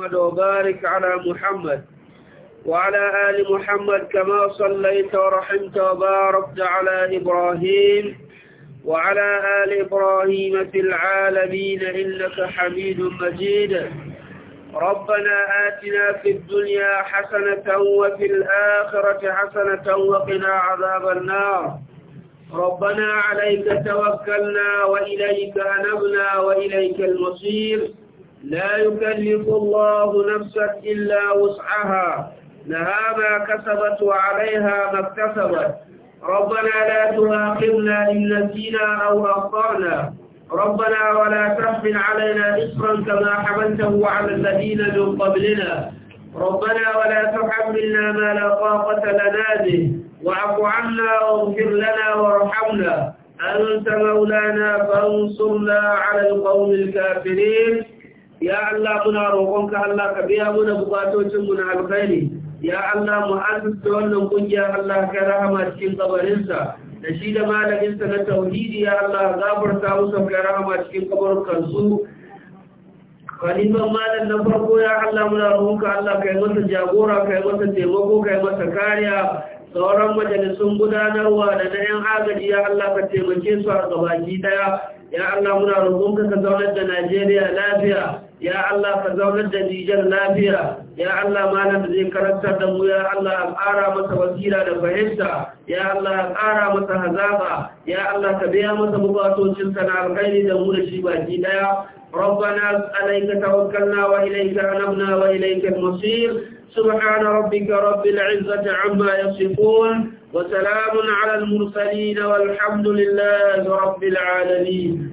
محمد وبارك على محمد وعلى آل محمد كما صليت ورحمت وباركت على إبراهيم وعلى آل إبراهيم في العالمين إنك حميد مجيد ربنا آتنا في الدنيا حسنة وفي الآخرة حسنة وقنا عذاب النار ربنا عليك توكلنا وإليك أنبنا وإليك المصير لا يكلف الله نفسا إلا وسعها لها ما كسبت وعليها ما اكتسبت ربنا لا تؤاخذنا إن نسينا أو أخطأنا ربنا ولا تحمل علينا إصرا كما حملته على الذين من قبلنا ربنا ولا تحملنا ما لا طاقة لنا به واعف عنا واغفر لنا وارحمنا أنت مولانا فانصرنا على القوم الكافرين ya Allah muna roƙonka Allah ka biya muna bukatocin mu na alkhairi ya Allah mu azurta wannan kungiya Allah ka rahama cikin kabarinsa da shi da malaminsa na tauhidi ya Allah gafarta musu ka rahama cikin kabarukan su kalimar malam na farko ya Allah muna roƙonka Allah kai masa jagora kai masa taimako kai masa kariya sauran majalisun gudanarwa da na 'yan agaji ya Allah ka taimake su a gabaki daya ya Allah muna roƙonka ka zaunar da Najeriya lafiya ya Allah ka zaunar da Nijar lafiya, ya Allah malam zai karantar da mu, ya Allah ƙara masa wasira da fahimta, ya Allah ƙara masa hazaba, ya Allah ka biya masa bukatocin na alƙairi da mu da shi baki ɗaya. ربنا عليك توكلنا وإليك أنبنا وإليك المصير سبحان ربك رب العزة عما يصفون وسلام على المرسلين والحمد لله رب العالمين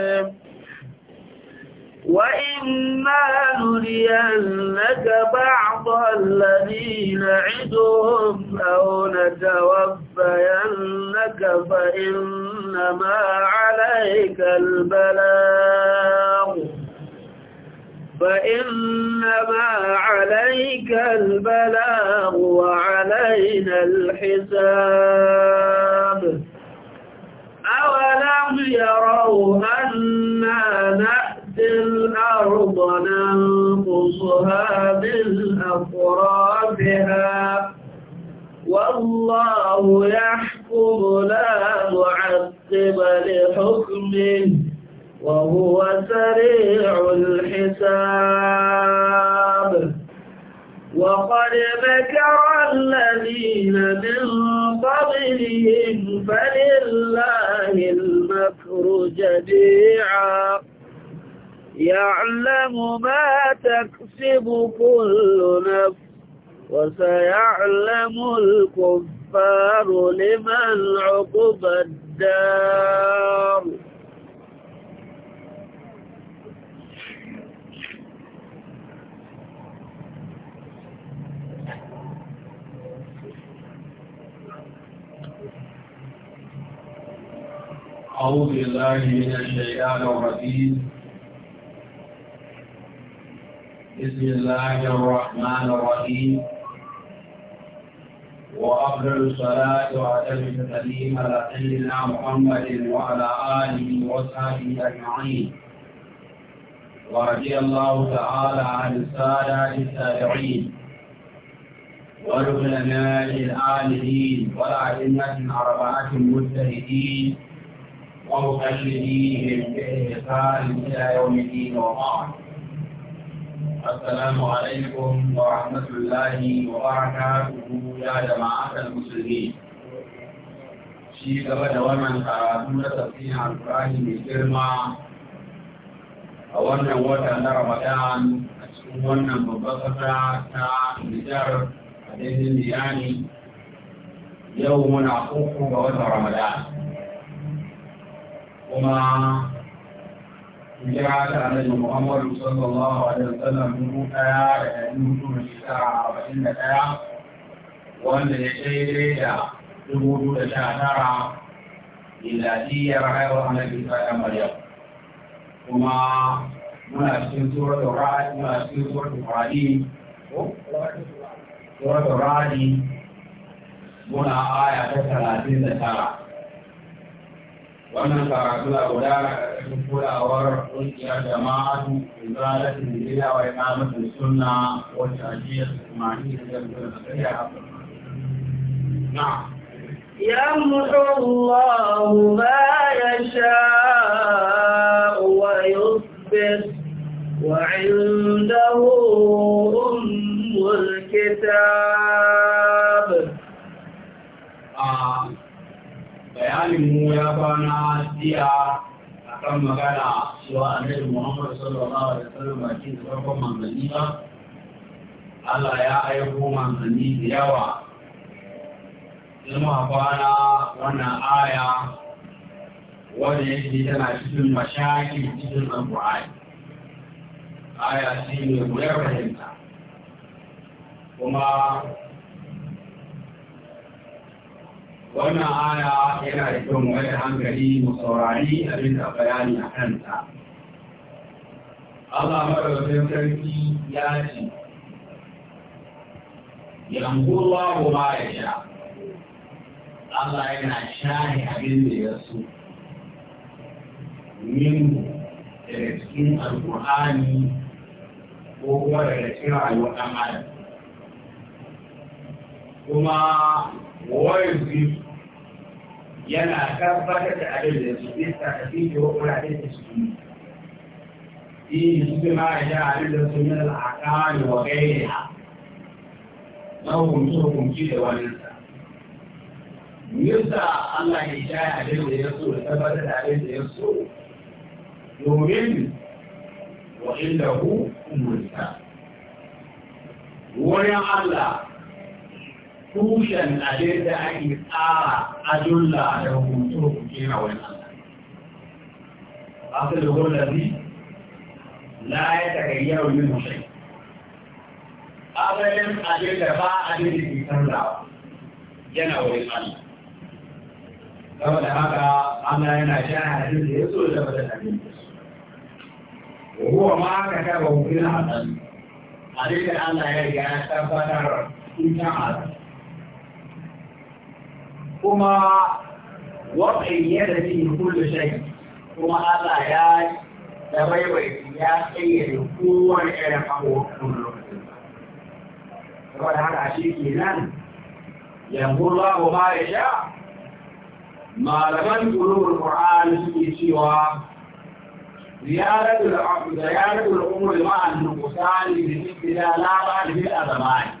وإما نرينك بعض الَّذِينَ نعدهم أو نتوفينك فإنما عليك البلاغ فإنما عليك البلاغ وعلينا الحساب الأرض ننقصها بالأطرافها والله يحكم لا معقب لحكمه وهو سريع الحساب وقد مكر الذين من قبلهم فلله المكر جميعا يعلم ما تكسب كل نفس وسيعلم الكفار لمن عقب الدار أعوذ بالله من الشيطان الرجيم بسم الله الرحمن الرحيم وأفضل الصلاة وأتم التسليم على سيدنا محمد وعلى آله وصحبه أجمعين ورضي الله تعالى عن السادة التابعين والعلماء العالمين والأئمة الأربعة المجتهدين ومقلديهم بإحسان إلى يوم الدين وبعد السلام عليكم ورحمة الله وبركاته يا جماعة المسلمين. شيء قبل دوما قرأتم تفسير القرآن بكلمة أولا وقت أن رمضان أشكون مبسطة كمجر أدين الدياني يوم أخوكم بوقت رمضان. hijira ta annabi Muhammadu sallallahu alaihi wasallam dubu ɗaya da ɗari hudu da shekara arba'in da ɗaya wanda ya daidai da dubu biyu da sha tara miladiyar haihuwar annabi Isa Maryam kuma muna cikin suratul Ra'd muna cikin suratul Ra'd ko suratul Ra'd muna aya ta talatin da tara wannan karatu a guda ƙarƙashin kulawar ƙungiyar jama'atu izalatin bid'a wa iqamatin sunna wa tajiyya usmani da yanzu da kariya na'am يمحو الله ما يشاء ويصبر وعنده أم الكتاب bayanin mu ya kwana jiya a kan magana cewa annabi muhammad sallallahu alaihi wasallam ba cikin da farkon manzanni ba Allah ya aiko manzanni da yawa ilma kwana wannan aya ya yake tana cikin mashaki cikin alƙur'ani aya shi ne mu fahimta kuma wannan aya yana da kyau mu da hankali mu saurari abin da bayani a kanta Allah madaukakin sarki ya ce yankuwa ruwa ba ya sha Allah yana shahi abin da ya so min daga cikin alƙur'ani ko kuma daga cikin rayuwar ɗan adam kuma wajibi yana tabbatar da abin da su ne tsakafi da wuraren da su ne yi su bi ma ya abin da su ne al'akari wa gaira na hukunci hukunci da waninsa nisa Allah ya sha abin da ya so da tabbatar da abin da ya so domin wa inda hu umurta wurin Allah tushen abin da ake tsara ajulla da hukuntun hukuma wannan أصل الغرض الذي لا يتغير منه شيء أبدا أجل دفاع أجل الإنسان لا ينوي القلب saboda haka Allah yana shan hadin da ya so da bada hadin da su. Ruwa ma ka taba hukun hasan, hadin da Allah ya riga ya tabbatar in ta hasan. كما وضع اليد في كل شيء كما هذا يا دبي ويا اي هو انا هو كله وهذا هذا شيء كلام يقول الله ما يشاء ما لم يقولوا القران في سوى زيادة الأمور مع النقصان لذلك لا بعد في الأزمان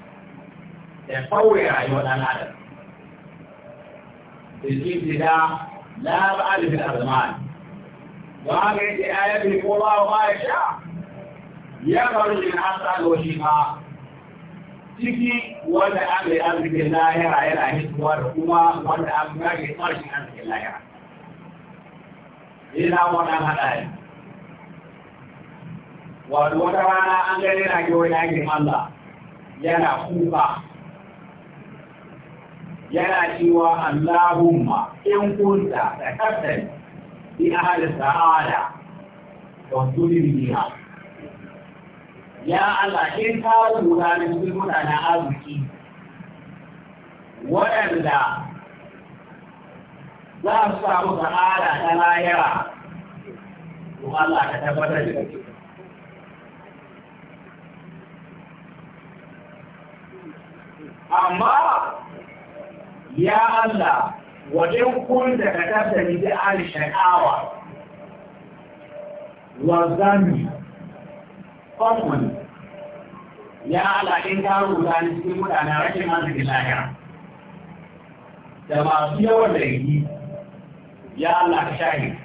ya kawai rayuwar ɗan adam الابتداء لا بعد في الأزمان وهذه الآية يملك الله ما يشاء يخرج من أسعد وشفاء ciki wanda an bai arzikin lahira yana hitowa da kuma wanda an gage tsarshin arzikin lahira. Ina wannan haɗari. Wani wata rana an gani na ke wani yakin Allah yana kuka yana cewa Allahumma in kunta da kasar bi ahli sa'ada wa biha ya Allah in ka lura da cikin mutanen arziki waɗanda za su samu sa'ada ta layara to Allah ka tabbatar da su amma ya Allah wajen kun da ka tattali da an sha'awa wa zami famun ya Allah ɗin ka rubuta ni cikin mutane rashin arziki lahira da masu yawan yi ya Allah ka shahi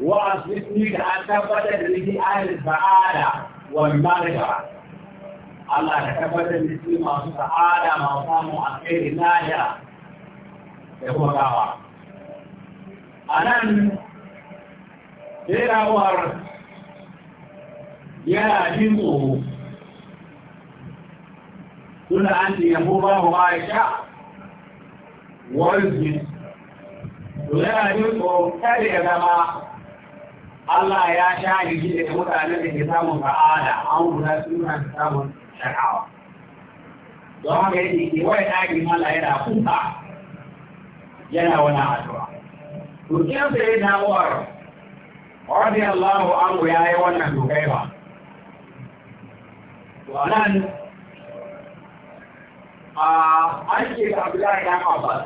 wa asibiti da an tabbatar da ni da sa'ada wa maghfirah Allah ka tabbatar da su masu sa'ada masu samun alheri lahira da kuma gawa. A nan, jerawar yana jin tsoro, suna an ce yabo ba mu ba sha warzi, to yana jin tsoro kare ya zama Allah ya sha rigide da mutanen da ke samun sa'ada, an guda suna samun sha'awa don haka yake ke waya ɗakin mala yana kuka yana wani addu'a to kin sai na war radiyallahu anhu yayi wannan dokai ba to a an ce ga Abdullahi dan Abbas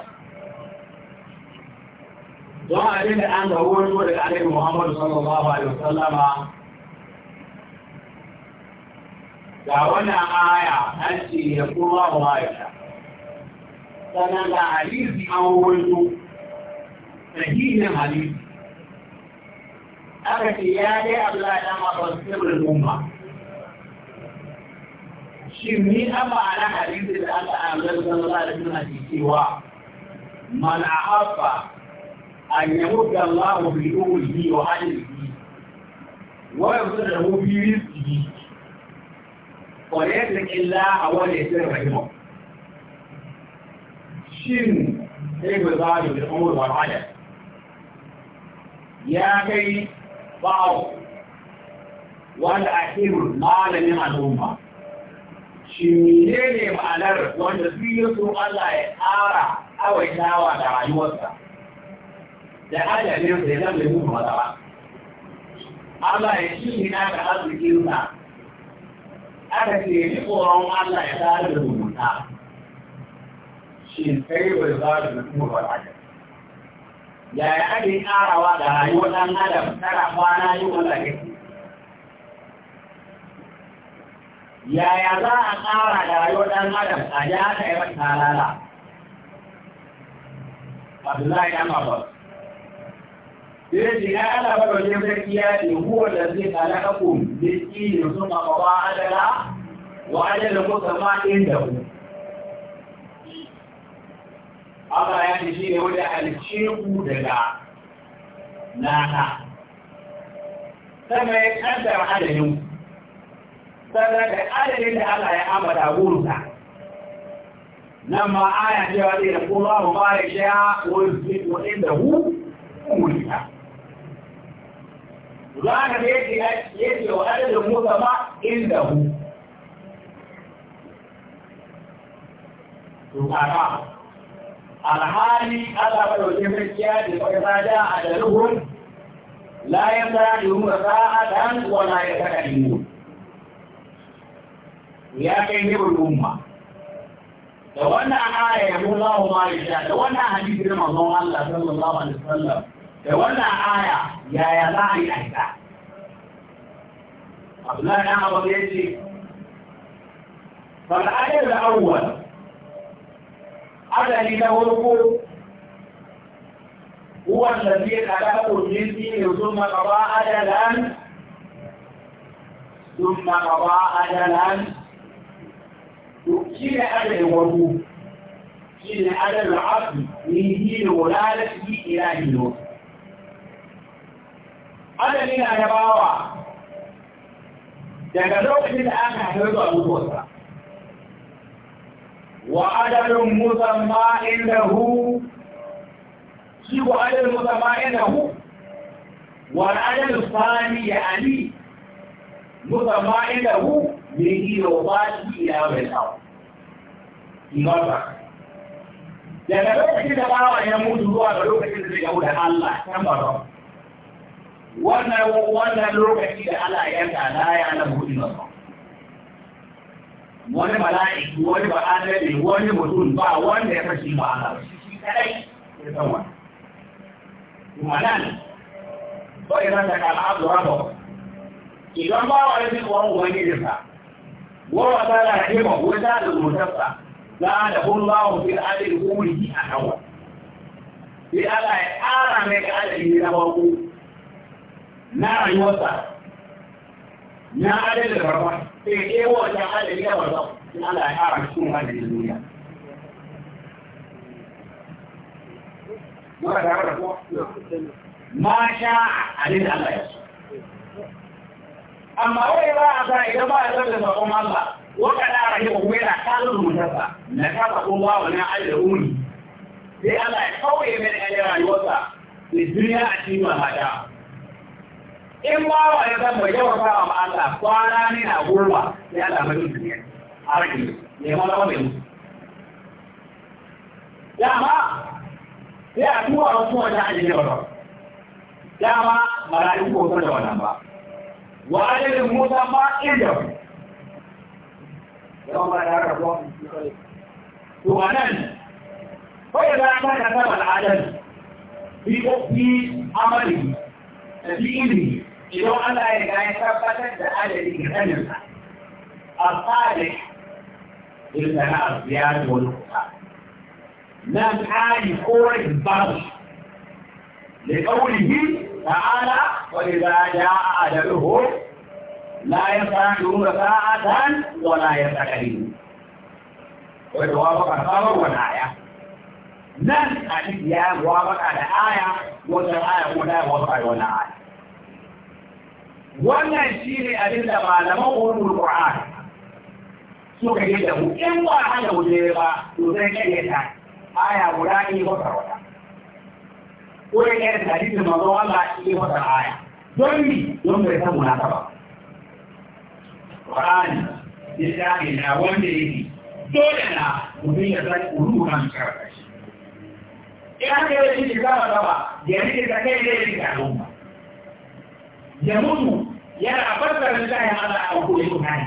don abin da an ga wani daga Annabi Muhammad sallallahu alaihi wasallama ga wani aya an ce ya kuma wa ya sannan ga hadisi an wato sahihin hadisi aka ce ya dai Allah ya ma ba su da umma shi ni a ma'ana hadisi da aka amsa sallallahu alaihi wasallam cewa man ahabba an yamudda Allah bi umrihi wa hadihi wa mu bi rizqihi وليتك الله أول يسير رحمه shin sai ku zaɓi yi umar wal'ada ya kai bawo wanda a kirin malamin al'umma shi ne ma'anar wanda su yi su Allah ya tsara awaitawa da rayuwarsa da ajalin sai zan da yi mutu ba. Allah ya shi ne na da arzikinsa aka ce ya tsoron Allah ya tsara da zumunta shi kai bai za da mutum ba haka yaya ake karawa da rayuwar ɗan adam tara kwana yi wanda kake yaya za a kara da rayuwar ɗan adam a ji aka yi mata halala Abdullahi ɗan Abbas Sai ce ya Allah ba da wajen sarki ya ce huwa da zai kalaka kuma بالدين ثم قضى عجلا وعجل مسمى عنده Allah ya ce shi ne wanda halice ku daga nana. Sama ya kaddara adadin sannan da adadin da Allah ya ambata gurinsa. Nan ma aya cewa zai da kuma ba ya sha wani inda hu kuma Za ka ranar yake wa adadin mutama inda hu tukaka alhali ala madaukin rikiya da kwaya sada a dalilun la ya tsara da yi mura dan wala ya tsara da yi ya kai ne umma da wannan aya ya mula wa ma'aisha da wannan hadisi na manzon Allah sallallahu alaihi wasallam da wannan aya yaya za a yi aika abdullahi dan abu ya ce fal'ayar da awwal adali na farko هو الذي خلق الجن ثم قضى أجلا ثم قضى أجلا شيل أجل الوضوء شيل أجل العقل من دين ولادته إلى دينه adali na da bawa daga lokacin da aka haifar zuwa mutuwarsa wa adalin musamma inda hu shi ko adalin musamma inda hu wa adalin sani ya ali musamma inda hu ne iyo ba shi ya mai tsawo imata daga lokacin da bawa ya mutu zuwa ga lokacin da zai yawo da Allah kan ba wannan wannan lokaci da Allah ya yanka na ya na ba wani mala'iki wani ba adali wani mutum ba wanda ya fashi ba Allah shi kadai ya san wannan kuma nan ba ya san daga al'adu rabo idan ba wani jin tsoron ubangijinsa wa ta da rahima wata da zumuntarsa za da kullahu fil adil kullihi a hawa sai Allah ya ƙara mai ka adali na farko na rayuwarsa ya adal da barwa sai ya ɗewa wajen adali da barwa in Allah ya ƙara cikin adalin duniya. Mura da haka kuwa? Ma sha adalin Allah ya so. Amma wai ba a sa idan ba a zar da sakon Allah, wata da rage kuma yana kalin rubutarsa, na ka sakon ba wani adalin uni. Sai Allah ya kawai mai da rayuwarsa, da duniya a cikin mahada. in bawa ya zama yawan fara wa Allah kwana ne na goma ya zama mai mutu ne a rage ne ma zama mai mutu dama sai a tuwa wasu wata a jirgin wata dama mala'iku ko da wannan ba wa alilin musa ma idan yawan ba da haka kuma to a nan kawai za a kan kasar al'adar bi ko fi amali da fi ilimi إذا أنا إذا ثبتت الذي يتمم الصالح للثناء الزيادة والنقصان لم حال قوة الضرب لقوله تعالى وإذا جاء أجلهم لا يستعجلون ساعة ولا يستكبرون ويتوافق الخبر والآية لن أجد يا موافق على آية وترى آية ولا وفق ولا آية wannan shi ne abin da malaman wurin qur'an suka yi da mu in ba hada wuce ba to sai kai ta aya guda ne ba wata ko ya kai da hadisin manzo Allah ne wata aya don ni don bai san munasaba qur'ani lissafi na wanda yake dole na mutum ya san ulul kan karkashi in haka yau shi shiga gaba da yake da kai ne yake al'umma ya mutu yana fassara lillahi Allah a ko yau nani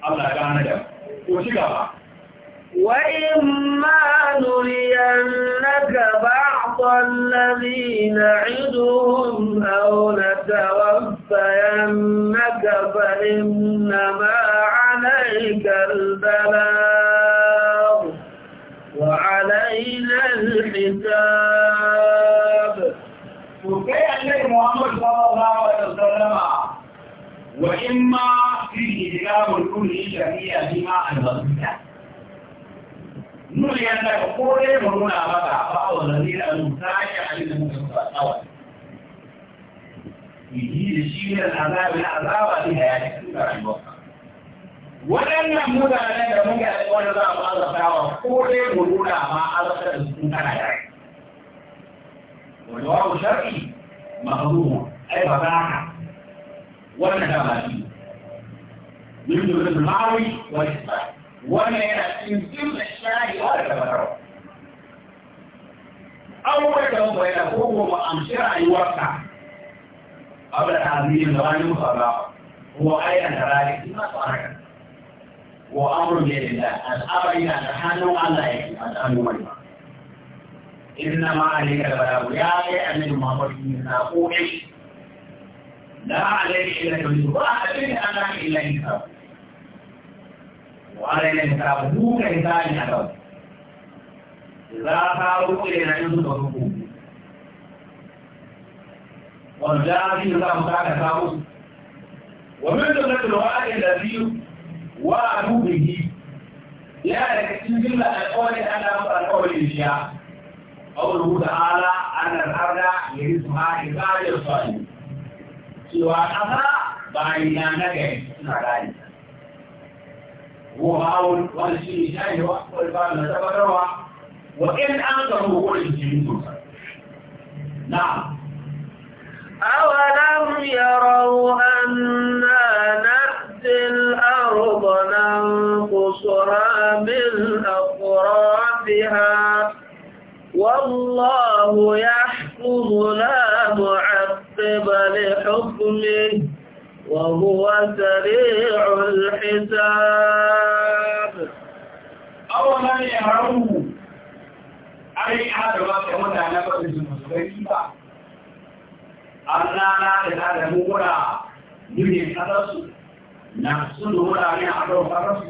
Allah ya gane da ko shi gaba وإما نرينك بعض الذين عدوهم أو نتوفينك فإنما عليك البلاغ وعلينا الحساب وكي النبي محمد صلى الله عليه وسلم وإما فيه إجرام الكل شريعة بما أنزلنا نري أنك قول هنا بقى بعض الذين المتاجع عليهم الأول يجيب شيء العذاب العذاب لحياتك تنكر الوقت waɗannan mutanen da muke alƙawarin za mu azabta wa ko dai mu nuna والجواب شرعي مخضوم أي فتاحة والنجاباتي من مثل المعوي والإسلام ولا يمكن الشاهي ولا تبرر أول جواب يقوم وأمشر أن يوقع قبل تعذيب الغني المصرف هو أيضا ذلك في صارك وأمر بيد الله الأمر ان تحنوا على أن يكون inna ma alika al-barabu ya ayi annabi muhammad ibn naqush la alayka illa al-barabu wa alayka ana illa isa wa alayka al-barabu duka izani adab la ta'u ila nanu dukku wa jazi la mutaka ta'u wa min dalat al-wa'id alladhi wa'adu bihi ya la kitin jilla al-qawli ala al-qawli ya قوله تعالى أن الأرض يرثها عبادي الصالحين سوى هو قول نعلاني وهاون والشيء شاهي والبان تبروا وإن أنكروا كل شيء نعم أولم يروا أنا نأتي الأرض ننقصها من أطرافها والله يحكم لا معقب لحكمه وهو سريع الحساب أولا يروا أي هذا ما كمان أنا بقول أنا لا أنا مورا من كذا نفسه ولا أنا أروح كذا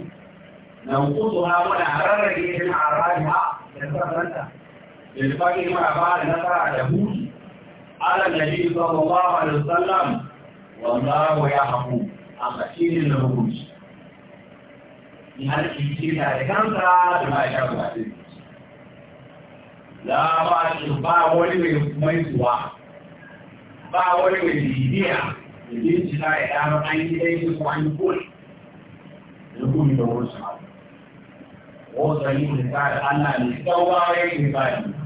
نقصها ولا أرى رجلها أراها يتفرقنا بالفقر مع بعض نفع يهود على النبي صلى الله عليه وسلم والله يحكم أخشين الهبوش لهذا الشيء ذلك أنت بما يشاء da لا بعد ba wani mai maisuwa ba wani mai bibiya da yin cika ya dama an yi ɗaya su an yi kone da kuma da wasu wasu yi da Allah ne tsawaye ne ba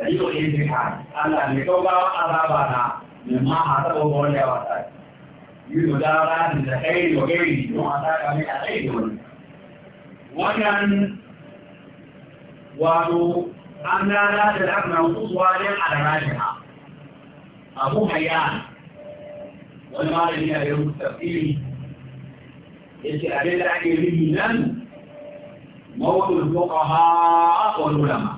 da yi wa yin jihar Allah ne ko ba azaba na mimma a taɓa wani da wata yi da dara da da kai da gari don a saka mai a kai da wani wannan wato an gana da lafnan kusuwa ne a da rajiha abu hayyan wani malami a yau tafsiri ya ce abin da ake yi nan mawudu fuqaha wal ulama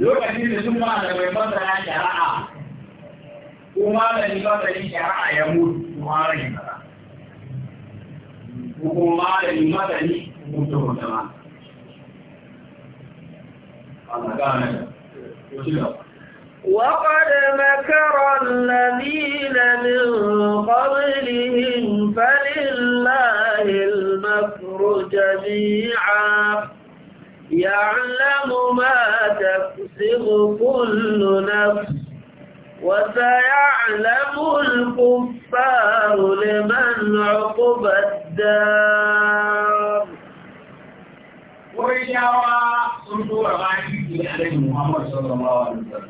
lokacin da sun ma da mai masana shari'a ko malami masanin shari'a ya mutu kuma rai kaza ko kuma malami masani mutu kuma ma Allah gane ko shi da وقد مكر الذين من قبلهم فلله المكر جميعا يعلم ما تكسب كل نفس وسيعلم الكفار لمن عقب الدار وإياوا صندوق عن عليه محمد صلى الله عليه وسلم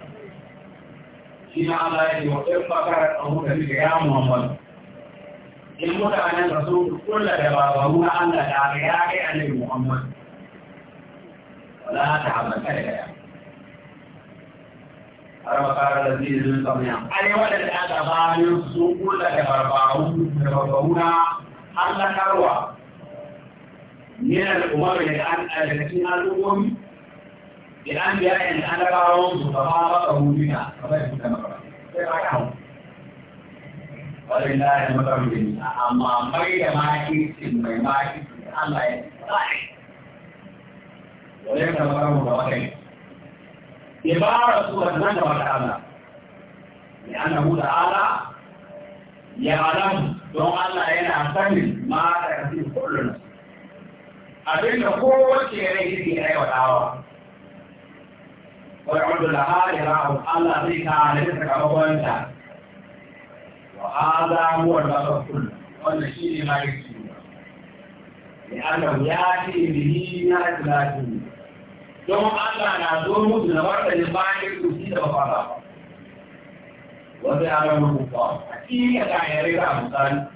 إن الله يوفق فقرة أمور يا محمد إن متعنى الرسول كل دبابه أن لا عليه محمد لا تعمل كذا يعني رب قال الذين من قبلنا أي ولد أتبان يسوق لك فربعون فربعون أن كروا من الأمم لأن الذين الأمم لأنبياء أنباهم فتفاوتوا بنا فبيتوا كما قال ولله المثل الجميع أما مريم ما يكفي ما يكفي الله يكفي wanda ya kama samun gaba kai ibara su da nan gaba da Allah ne annahu ta'ala ya alam don Allah yana sanin ma da kasi kullun abinda kowace rai yake aiwatawa ويعد لها يراه الله ذيك عليك كبوانتا وهذا هو الباب كله والنشيد ما يكسبه لأنه يأتي به ما يتلاته don Allah na zo musu da martani bayan kursi da fara wanda ya rabu kuka a cikin ya ta yare da amsal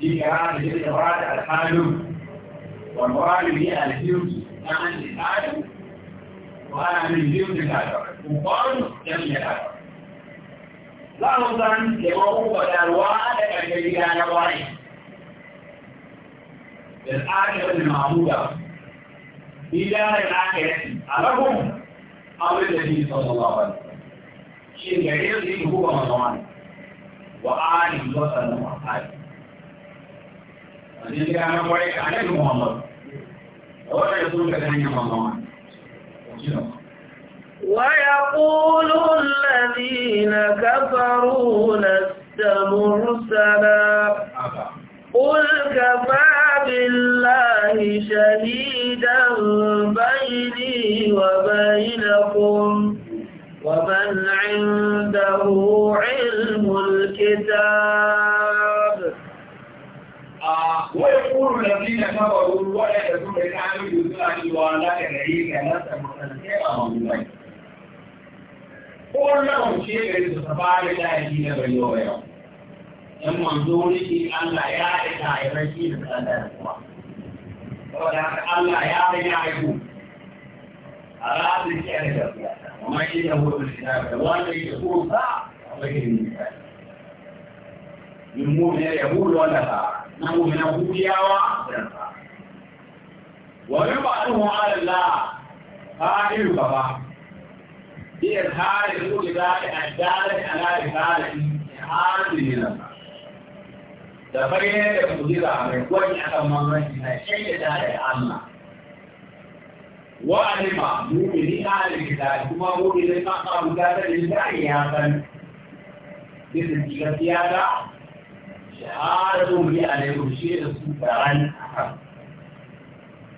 shi ya rana da ya fara da alhalu wal qur'an bi alhiyu na an alhalu wa ana min hiyu da ka kuka ya mi ya za mu san da mu ba da ruwa da karfi gida na wani da tsarin da mamuda إلى الآخرة أمرهم أمر النبي صلى الله عليه وسلم شيء غير هو رمضان وآله وسلم وآله Jadi kita ويقول الذين كفروا لست مرسلا قل كفى بالله شهيدا بيني وبينكم ومن عنده علم الكتاب ويقول الذين كفروا ولا يكون الحمد لله ولا يدعيك نفسا مستنكرا والله لهم شيء يتفاعل لا يجينا dan manzo ne Allah ya aika ya rashi da tsadar kuwa saboda haka Allah ya riga aiko a ranar shi a da amma shi da hudu shi da wanda yake ko sa a bakin misali من مؤمن يقول ولا فاعل انه من ابويا ويبعثه على الله فاعل ففاعل بإظهار الأولى ذلك الدالة على رسالة حال من الله da bayyana da kudura mai gwani a kan mamanci na shaidata da Allah. Wa'alima mumini ahalin gida kuma muminin kan abu gada ne da ya san bisa gaskiya da shahadatu bi alaikum shi da su taran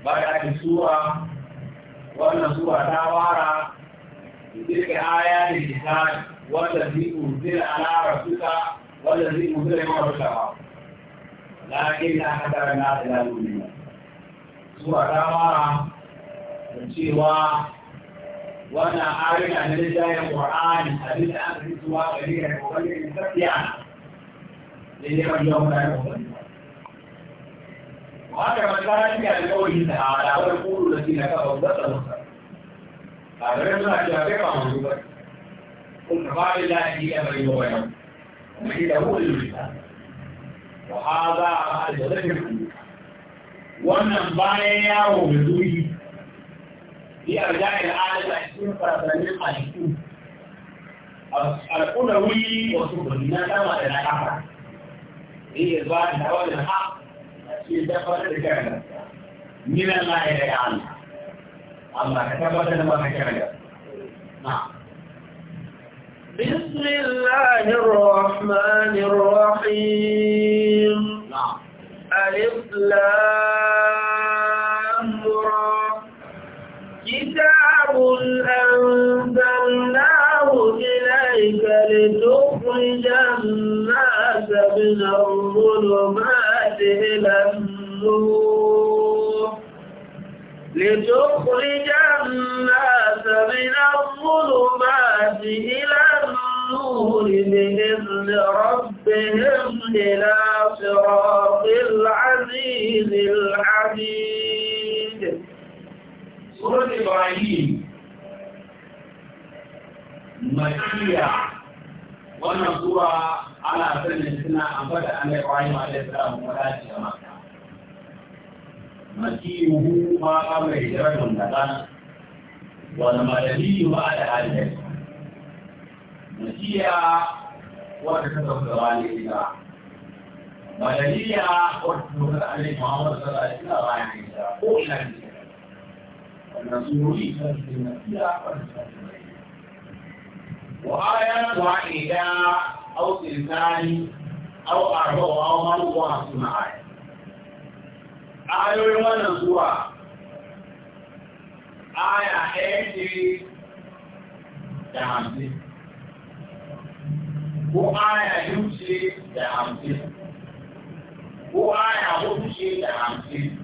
ba da ki suwa wannan suwa ta wara tilka ayatul kitab wanda zai unzila ala rasulika wanda zai unzila ma rasulika lakin na haka na da laluri zuwa dama da cewa wannan ayoyi na littafin Qur'ani a bisa an fi zuwa gari da kokarin tafiya da ne ban yau da kokarin wanda masarar da alƙawarin da a dawar kuru da shi na kawo da tsaro a garin suna cewa kai ba mu zuwa kun ka ba da lafiya bai yau ba yau kuma ita hulun littafin وهذا هذا ذكر wannan bayan yawo da zuri yi a jami'ar adal a cikin farasannin a cikin al'ula wuri wasu kudi na dama da na kafa yi ya zuwa da hawa da ha a cikin dafarar da kyar nina na ya da ya hannu amma ka tabbatar da maka kyar na بسم الله الرحمن الرحيم نعم. ألف لام كتاب أنزلناه إليك لتخرج الناس من الظلمات إلى النور لتخرج الناس من الظلمات إلى النور بإذن ربهم إلى صراط العزيز الحميد سورة إبراهيم مكية ونصورة على سنة سنة أنبت أن إبراهيم عليه السلام ولا wala مسيره ما قبل هجرته النبات والمدني بعد هذه مسيا وتكتب الغالي إلى مدنية وتكتب عليه محمد صلى الله عليه وسلم قولا الرسول صلى الله عليه وسلم وآيات واحدة أو تلتان أو أربع أو مرة وخمسون آية ayoyin wannan zuwa aya ɗaya da hamsin aya biyu ce da hamsin aya hudu ce da hamsin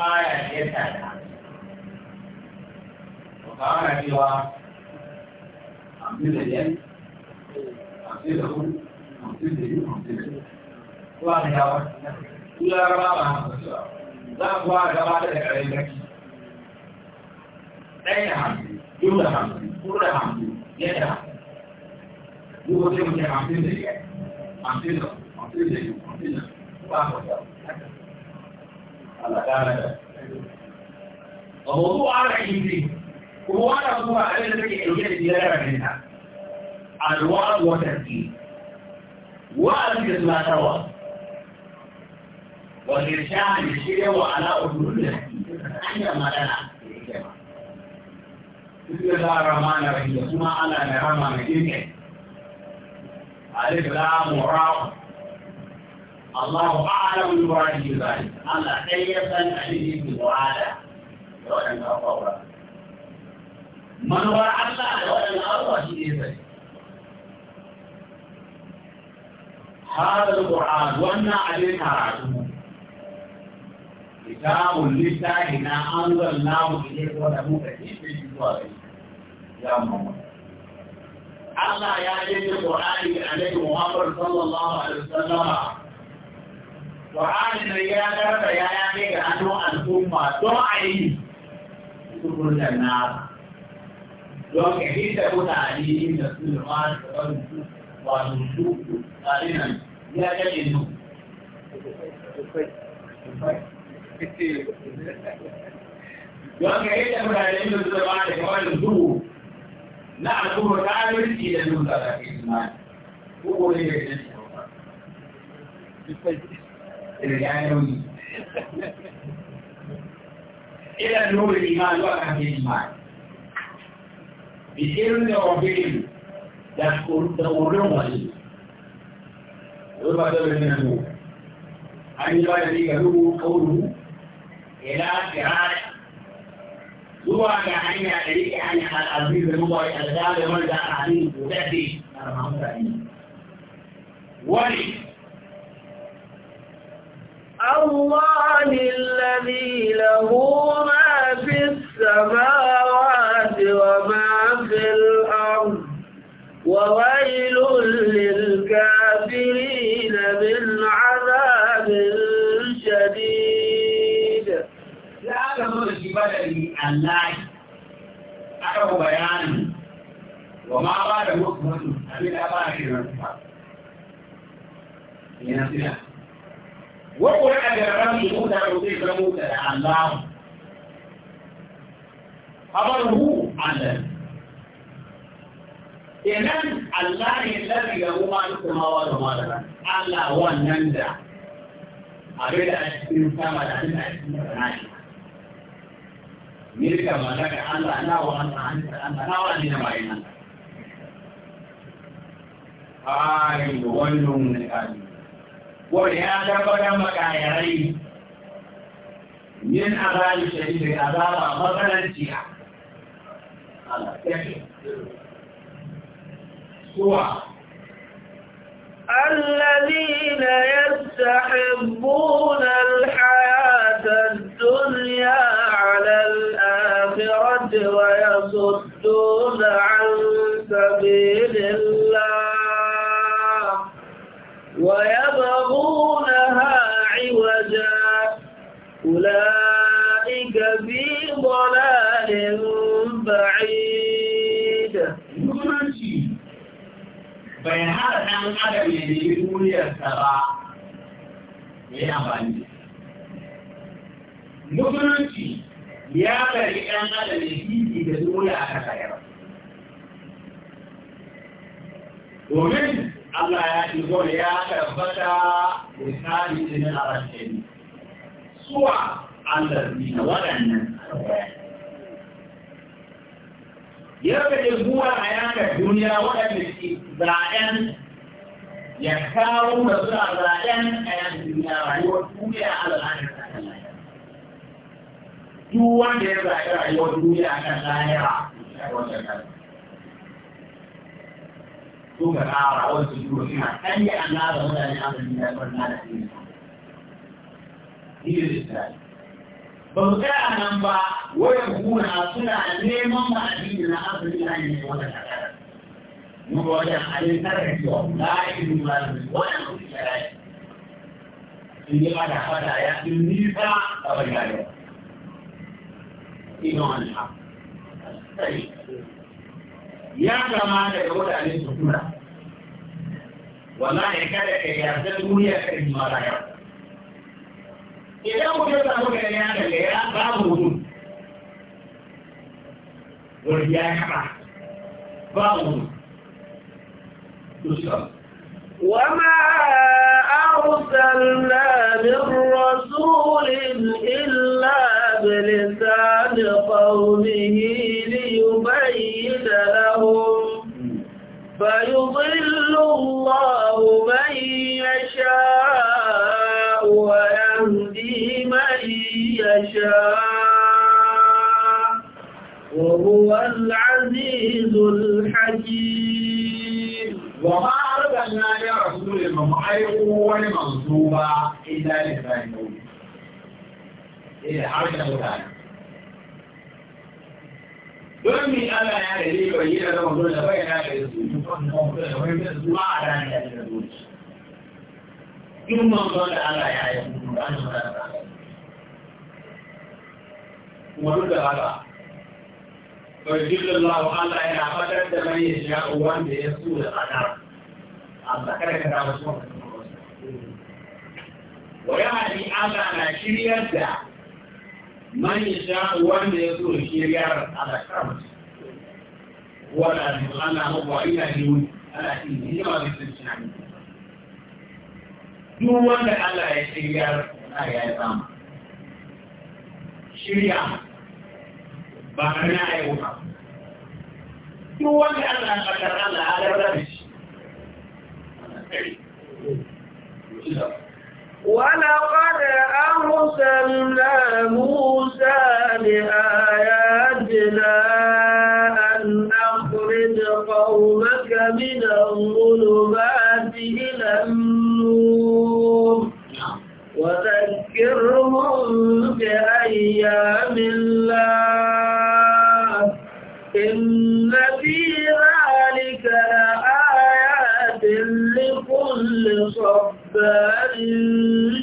aya ɗaya da hamsin. Ka ana cewa hamsin da hamsin da hudu, hamsin da su larabawa hamsin za ku fara gabatar da ƙarin gaci ɗaya da hamsin biyu da hamsin kudu da hamsin yadda da hamsin mu ko sai mu ce hamsin da biyar hamsin da hamsin da biyu hamsin da ba ku da Allah ƙara da وموضوع على الإنجليز وهو أنا أقول عليه الذي يجب أن يرى منها الوعد والتركيب وأنا في الثلاثة والإرشاد الشيء على أدوله أنت مدنا بسم الله الرحمن الرحيم ثم على نرمى ألف لام راء الله أعلم بمراده ذلك أنا كيفا أليه بالوعادة وأن أفورا من هو الله وأن هذا القرآن وانا عليه كرامته kitabun littafi na an zan namu ne ko da muka kife shi zuwa gari ya mamma Allah ya yi da Qur'ani da Annabi Muhammad sallallahu alaihi wasallam Qur'ani ne ya garba ya ya ne ga hannun al'umma don ayi tukurta na don ka hita mutane inda su da ma da su wato su tsarinan ya ga ne su. ان ان ان ان ان كتير وأنا إيه أمر على إنه طبعا كمان الظهور لا الظهور تعمل إلى المنطقة في المال هو اللي يجب الجانبي إلى نور الإيمان وأهل الإيمان بإذن ربهم يذكرونه وما ذلك من النور عن الله الذي قوله إلى فرارك هو يعني أن العزيز المضعي الغالي ولد أحدهم وتأتي ولي الله الذي له ما في السماوات وما في الأرض وويل Allah aka ku bayanin wa ma ba da mutu abin da ba shi ran fa ina sila wa qur'a da ran mu da rubi da mu da Allah abaru Allah kenan Allah ne lafi ga kuma duk mawa da mawa Allah wannan da abin da a cikin sama da abin da a cikin rana ملك ملك الله أنا وأنا أنا أنا أنا وأنا أنا وأنا أنا وأنا أنا وأنا أنا وأنا أنا وأنا أنا وأنا أنا الذين يستحبون الحياة الدنيا على الأرض الآخرة ويصدون عن سبيل الله ويبغونها عوجا أولئك في ضلال بعيد بين هذا العالم الذي يقول يا سبا يا بني نقول ya bari ɗan adam ya fifi da dole a kasa yawa. Domin Allah ya ce dole ya tabbata misali ɗin a rashin suwa Allah na waɗannan Yadda da zuwa a yanar duniya waɗanda ke zaɗen ya kawo da zuwa zaɗen a yanar duniya rayuwar duniya Allah ya duk wanda ya zaɓi rayuwar duniya kan lahira wannan kan su ka ƙara wasu duro suna kan yi annaba mutane a kan da ɓarna da ke yi ba mu tsaya nan ba wayan kuna suna neman ma addini na asali na yin wata kakara mu ba wajen halin tarkacewa la'ayin ba da wajen kuɗi da la'ayin sun yi ma da fata ya sun nisa a bayyana shi ne wani ha ya kamata da mutane su kula wallahi kada ka yarda duniya ka ji mara yau idan mutum samu gani ya daga ya samu mutum wani ya haɓa ba mutum to shi وما أرسلنا من رسول إلا بلسان قومه ليبين لهم فيضل الله من يشاء ويهدي من يشاء وهو العزيز الحكيم أرسلنا لرسول ممعيق ولمنصوبة إلا لسان نوبي إلى حركة متعلم don mi ana ya da ne bai yi da zama zuwa da bai na da su yi kwan kwan da bai da su ma a ran da da zuci in man zo da Allah ya yi su da an da da wani da haka bai jilla Allah Allah yana fadar da mai ya sha wanda ya su da kadar amma kada ka dawo su wa yahdi Allah na shiryar da man yasha wanda ya so shiryar Allah karama wala ana wa ila ni ana cikin hijima da cikin duk wanda Allah ya shiryar Allah ya samu shirya ba na aiwuka duk wanda Allah ya faɗa Allah ya rabu tsare ولقد أرسلنا موسى لآياتنا أن أخرج قومك من الظلمات إلى النور وذكرهم بأيام الله إن كل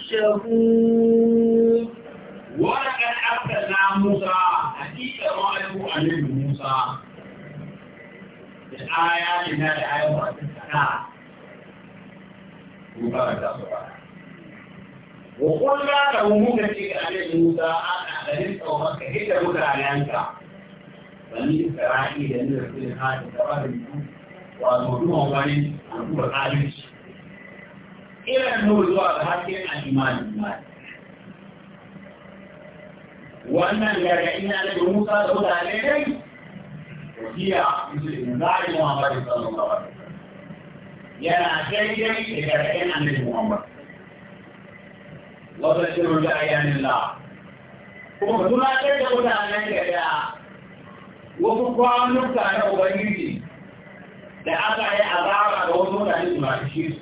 شهود ولقد أرسلنا موسى أكيد رأيه عليه موسى بآياتنا لآية وأتسعنا مباركة صباحا وقلنا له موسى عليه موسى أنا أدرس أو مكة هيك على أنت إسرائيل أن يكون هذا الكلام وأنهم غني عن كل إلى النور أن هاتين عن إيمان إيمان وأن الذين على موسى دخل عليهم وهي أن إنذار محمد صلى الله عليه وسلم يا سيدي يتكلم عن محمد أن بأيام الله kuma tunatar da mutanen gada wasu kwanuka na ubangiji da aka yi azara da wasu mutane su masu shi su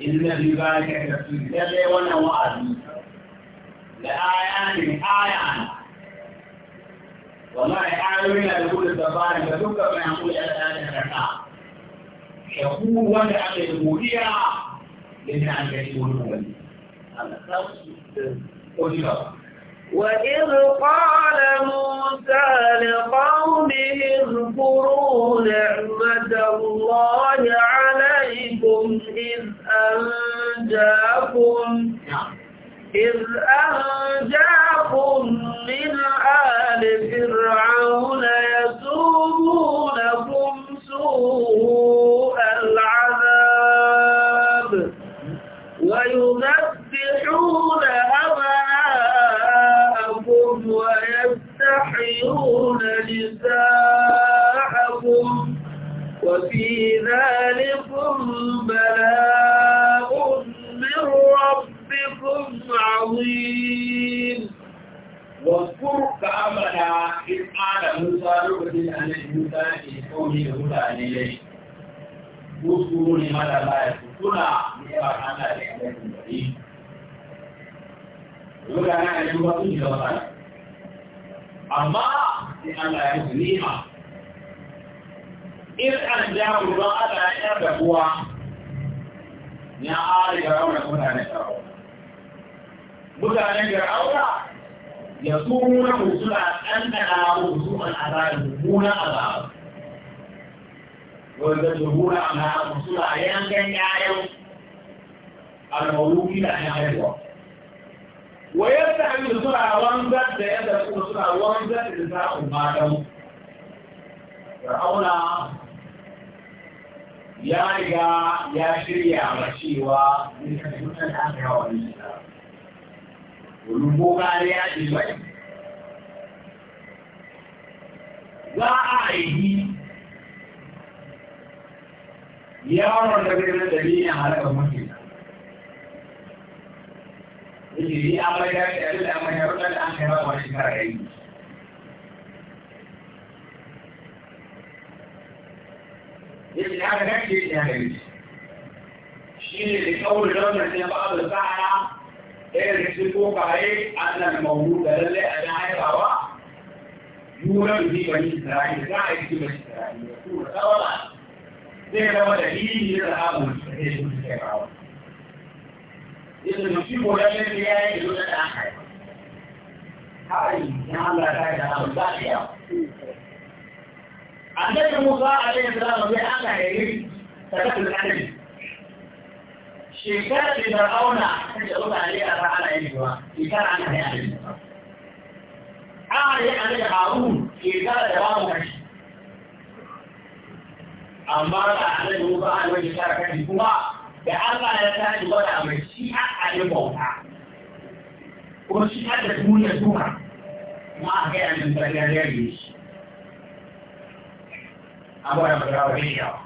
inna bi zalika tafsir lalle wannan wa'azi da ayatin ayan wallahi ayoyi na da gudun dabarin da duka bayan kula da tsarin ya ku wanda aka yi godiya da ina an wani Allah ta wuce ko ba وإذ قال موسى لقومه اذكروا نعمة الله عليكم إذ أنجاكم إذ أنجاكم من آل فرعون يسومونكم سوء العذاب ويذبحون تحصون نساءكم وفي ذلكم بلاء من ربكم عظيم واذكر كعبنا إذ قال موسى لعبد أن الإنسان يكون هدى إليه واذكروا ماذا لا يكون لما كان لأهل المدينة ولا أنا أجوبة amma sai Allah ya musu ni'ima in an ja ruwan Allah ya yar da kuwa ya ari ga rauna mutanen Fir'auna mutanen Fir'auna ya tsoro mu suna ɗanɗana mu zuwan azabin mummunan azab wanda tuhura amma suna yankan ƴaƴan al-mawludi da ya haihuwa ويستحب بسرعة وانزة سيبدأ بسرعة وانزة إذا أمامه فرعون فرعون كان يقول لهم أنا أنا يا رجاء يا شريعة مشيوة ولو بوغا yi an mai dace abin da an mai yaro da an kai mawa shekara ya yi yake haka dace yake haka yi shi ne da kawai da wannan sai ba da sa'a ɗaya da shi ko kare annan mawu da lallai a da haifawa yunar bi bani isra'ila za a yi cikin bani isra'ila ko da tsawala zai zama da dalili da za a mutu da zai shi kai kawo yadda da shi ko lalle ne ya yi da da aka yi kai ya Allah ta da Allah ba ya annabi Musa alaihi salam sai aka yi sadatul annabi shekara da Fir'auna sai Allah alaihi salam ana yin duwa shekara ana yin annabi ana yin annabi Harun shekara da babu kashi amma da annabi Musa alaihi salam kuma da Allah ya tashi wada mai shi a ayi bauta kuma shi a da duniya duka ma a kai annin tsariyar yare shi abuwa da magana wani yawa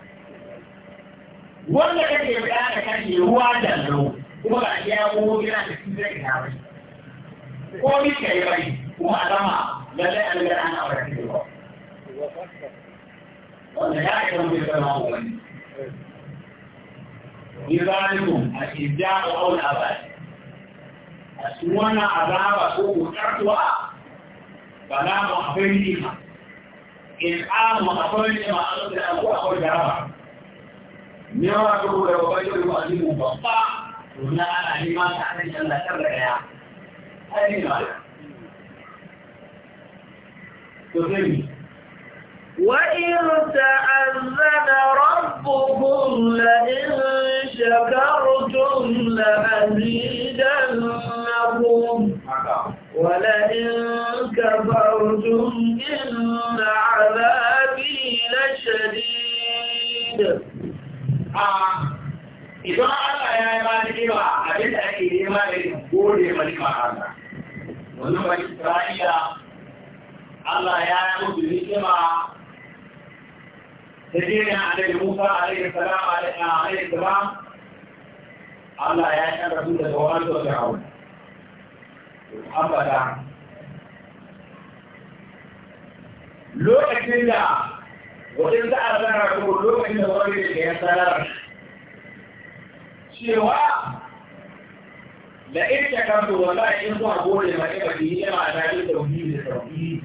wanda kake da kashe ruwa da lau kuma ga iya gogo yana da cikin zai ina bai ko ni ke bai kuma a zama lallai an gara an aure da ba wanda ya kai wani zama wani بذلكم الإبداع أو الأبد أسمونا عذاب سوء كرتها فلا مخبريها إن قام مخبريها ما أردت أن أقول جرابا نرده لو بيت المؤذن فقع هنا أنا لما تحتاج أن ترجع هذه ما تفهمي وإن تأذن ربهم لئن شكرتم لأزيدنكم ولئن كفرتم إن عذابي لشديد Idan Allah ya yi ba da kewa abin da ake nema da gode malika Allah. Wani mai Isra'ila Allah ya yi mutu hikima سيدنا علي موسى عليه السلام عليه السلام الله يا أن رسول الجوال وفرعون أبدا لو أكيدا وإن تأذن رسول لو أن الرجل يسر شواء لئن شكرت والله إن ضربوا لما كبت هي ما ذلك التوحيد التوحيد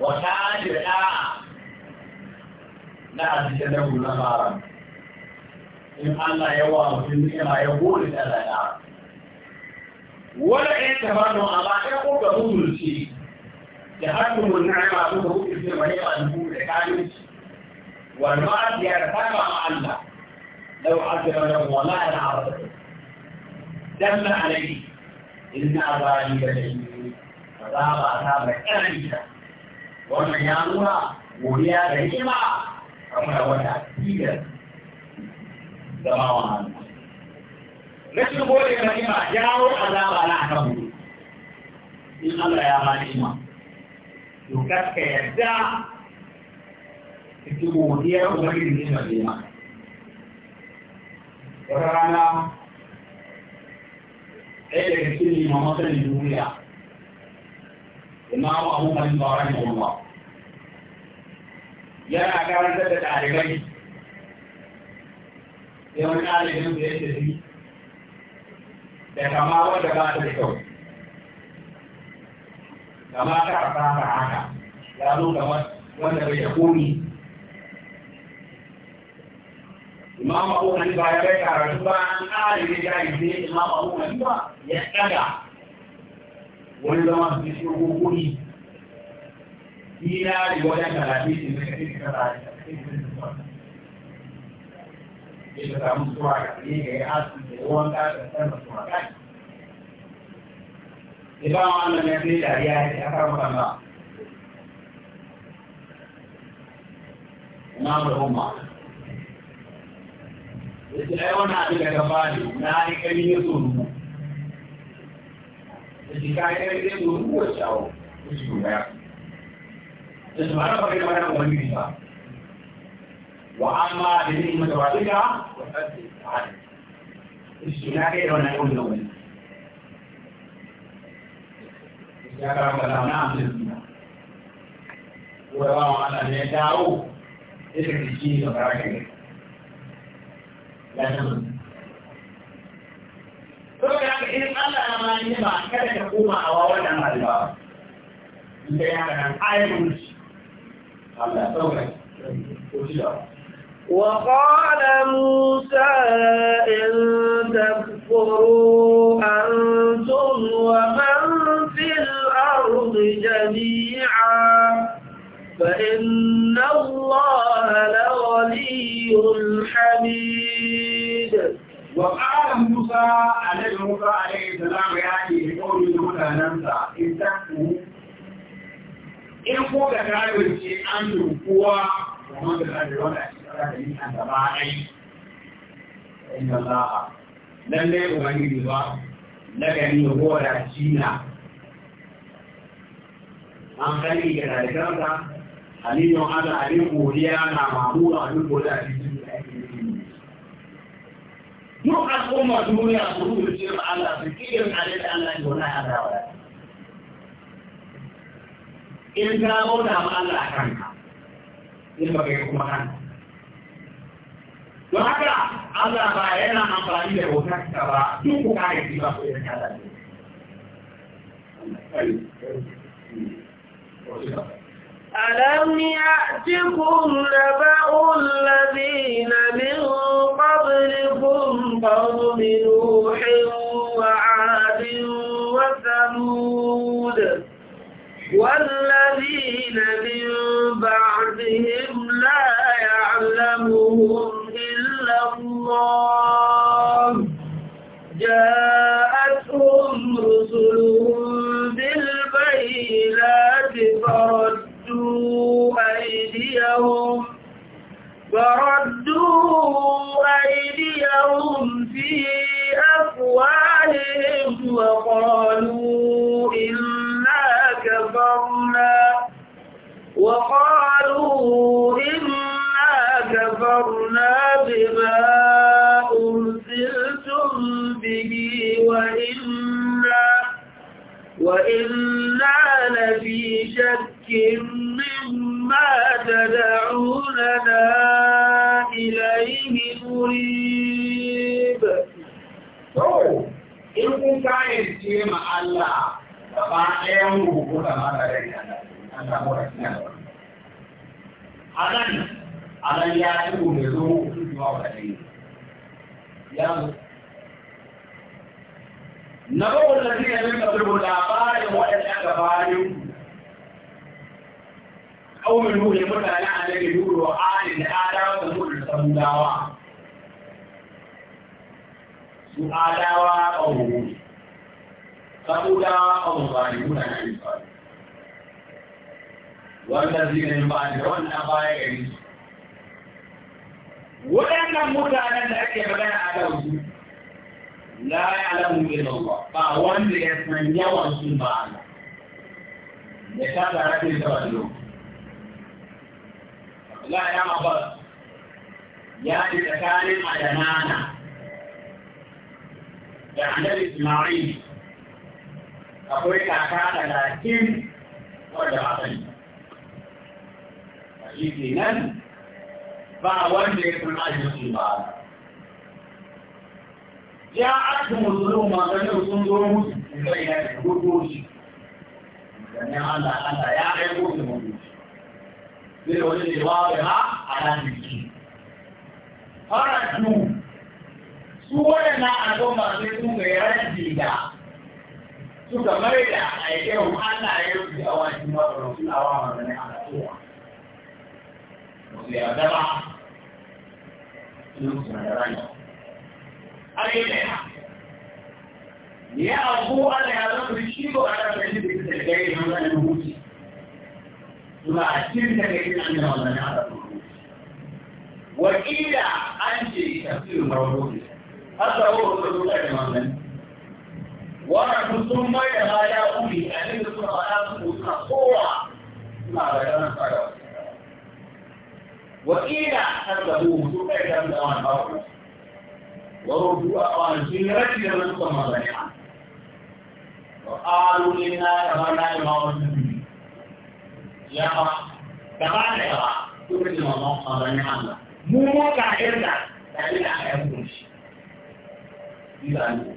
وكان بالآخر نعدك له نهارا إن الله يوار في النعمة يقول الأذى نعم ولا يتبنوا على يقول رسول شيء تحكم النعمة تدعو في أن أنه لكانت والمال يرتفع مع الله لو عذب له ولا ينعرض دل عليه إن أباني لديه فذاب أثاب كريمة ومن يامها وهي رحمة muna wata akidar zama wa hannu rashin gode ga ni'ima jawo azaba na akan mu in Allah ya ma ni'ima to kaska yadda ki godiya ubangiji ni'ima da ma wata rana ɗaya daga cikin limaman sanin duniya imamu abu malibu a ranar yana karantar da ɗalibai sai wani ɗalibin da ya tafi da kama wanda ba ta da kyau kama ta fara haka ya zo kamar wanda bai da komi imam abu hanifa ya bai karatu ba an ƙare ne ya yi sai imam abu hanifa ya ɗaga wani zama su shi ko kuri dinari wajen talatin da kake kira da ya ta samu suwa ga ne ga ya asu da yawan ƙasar sarrafa suwa kai. Idan wannan ya fi dariya ya ce aka rama ba. Na mu roma. Ya ce ai wannan abin da gaba ne na yi kari ne so rubu. Ya ce kayan kari ne so rubu wa shawo. Ya ce guda ya da su hana baka da wani ubangiji ba wa amma da ni mata wa duka su na kai da wannan yawon da wani ya kara maka na amsin suna ko da bawan Allah ne ya dawo ya ta jiki da fara kai ya ta saboda haka irin Allah na ma ni ba kada ka koma a wawan nan ba da ya kana ayyukan وقال موسى إن تكفروا أنتم ومن في الأرض جميعا فإن الله لولي حميد وقال موسى عليه موسى عليه السلام يعني لقوم المتنمسة إن تكفروا in ko ka tarurce an turkuwa kuma ka tarurce wanda ake tsara da yin a gaba ai inda Allah lallai ubangiji ba na gani da kowa da cina an kari ga dalibarta halin ala halin godiya na mamura halin godiya a cikin da ake yi duk al'ummar duniya su rubuce ba Allah su kiran halin da Allah ya wani in ka bauta ma Allah kanka in ba kai kuma kanka don haka Allah ba yana amfani da bautar ka ba duk ku kare shi ba ko irin Allah ألم يأتكم نبأ الذين من قبلكم قوم نوح وعاد وثمود والذين من بعدهم لا يعلمهم إلا الله جاءتهم رسلهم بالبينات فردوا أيديهم فردوا أيديهم في أفواههم وقالوا إن كفرنا وقالوا إنا كفرنا بما أرسلتم به وإنا وإنا لفي شك مما تدعوننا إليه مريب. So, in kun kayan ce ma Allah gaba ɗayan rubutu da mata da ita an samu rafiya a nan a nan ya ci mai zo hukutu zuwa wata ɗaya yanzu na bawon da suke yin kafirbu labarin waɗanda aka bayan ƙaumin nuhu mutane a nage duro alin da adawa da mutu da samudawa su adawa ƙaunin nuhu فأولى الظالمون عن والذين من بعدهم أضايعهم waɗannan mutanen da ake magana a kansu la ya alamu illa Allah ba wanda ya san yawan sun ba Allah ya ta tare da ta wallo la ya mabar ya ji tsakanin adanana da annabi Isma'il akwai kaka lakin wadda ba sani shi ke nan ba wanda ya san ajiyarsu ba ya aka musulun maganin sun zo musu zai na gudu shi ganin allah allah ya kai su mutu zai wani ne ba da ha a nan jiki faratu su a al'umma sai sun ga yaran jida suka mai da aikin Allah ya rufe a wani mabarin kulawa wa zane a kowa. Wasu ya zama lokacin da rana. Ari ne ya. Ya abu Allah ya zama shi ko a da shi da ita da gari na wani hukunci. Suna a cikin da gari na wani wani a Wakila an ce tafsirin barwaro ne. Har da wani wani da wani waɗansu sun mai da baya umi a nan da suna faɗa su suna kowa suna da ganin fara wakila an zabu su kai da da wani babu waro duwa a wani sun rashi da nan kuma zai ha wa qalu inna rabbana imamun ya ba da ba da ba kuma da mamman faran Allah mu mu ka irda da ila ayyukan shi ila ne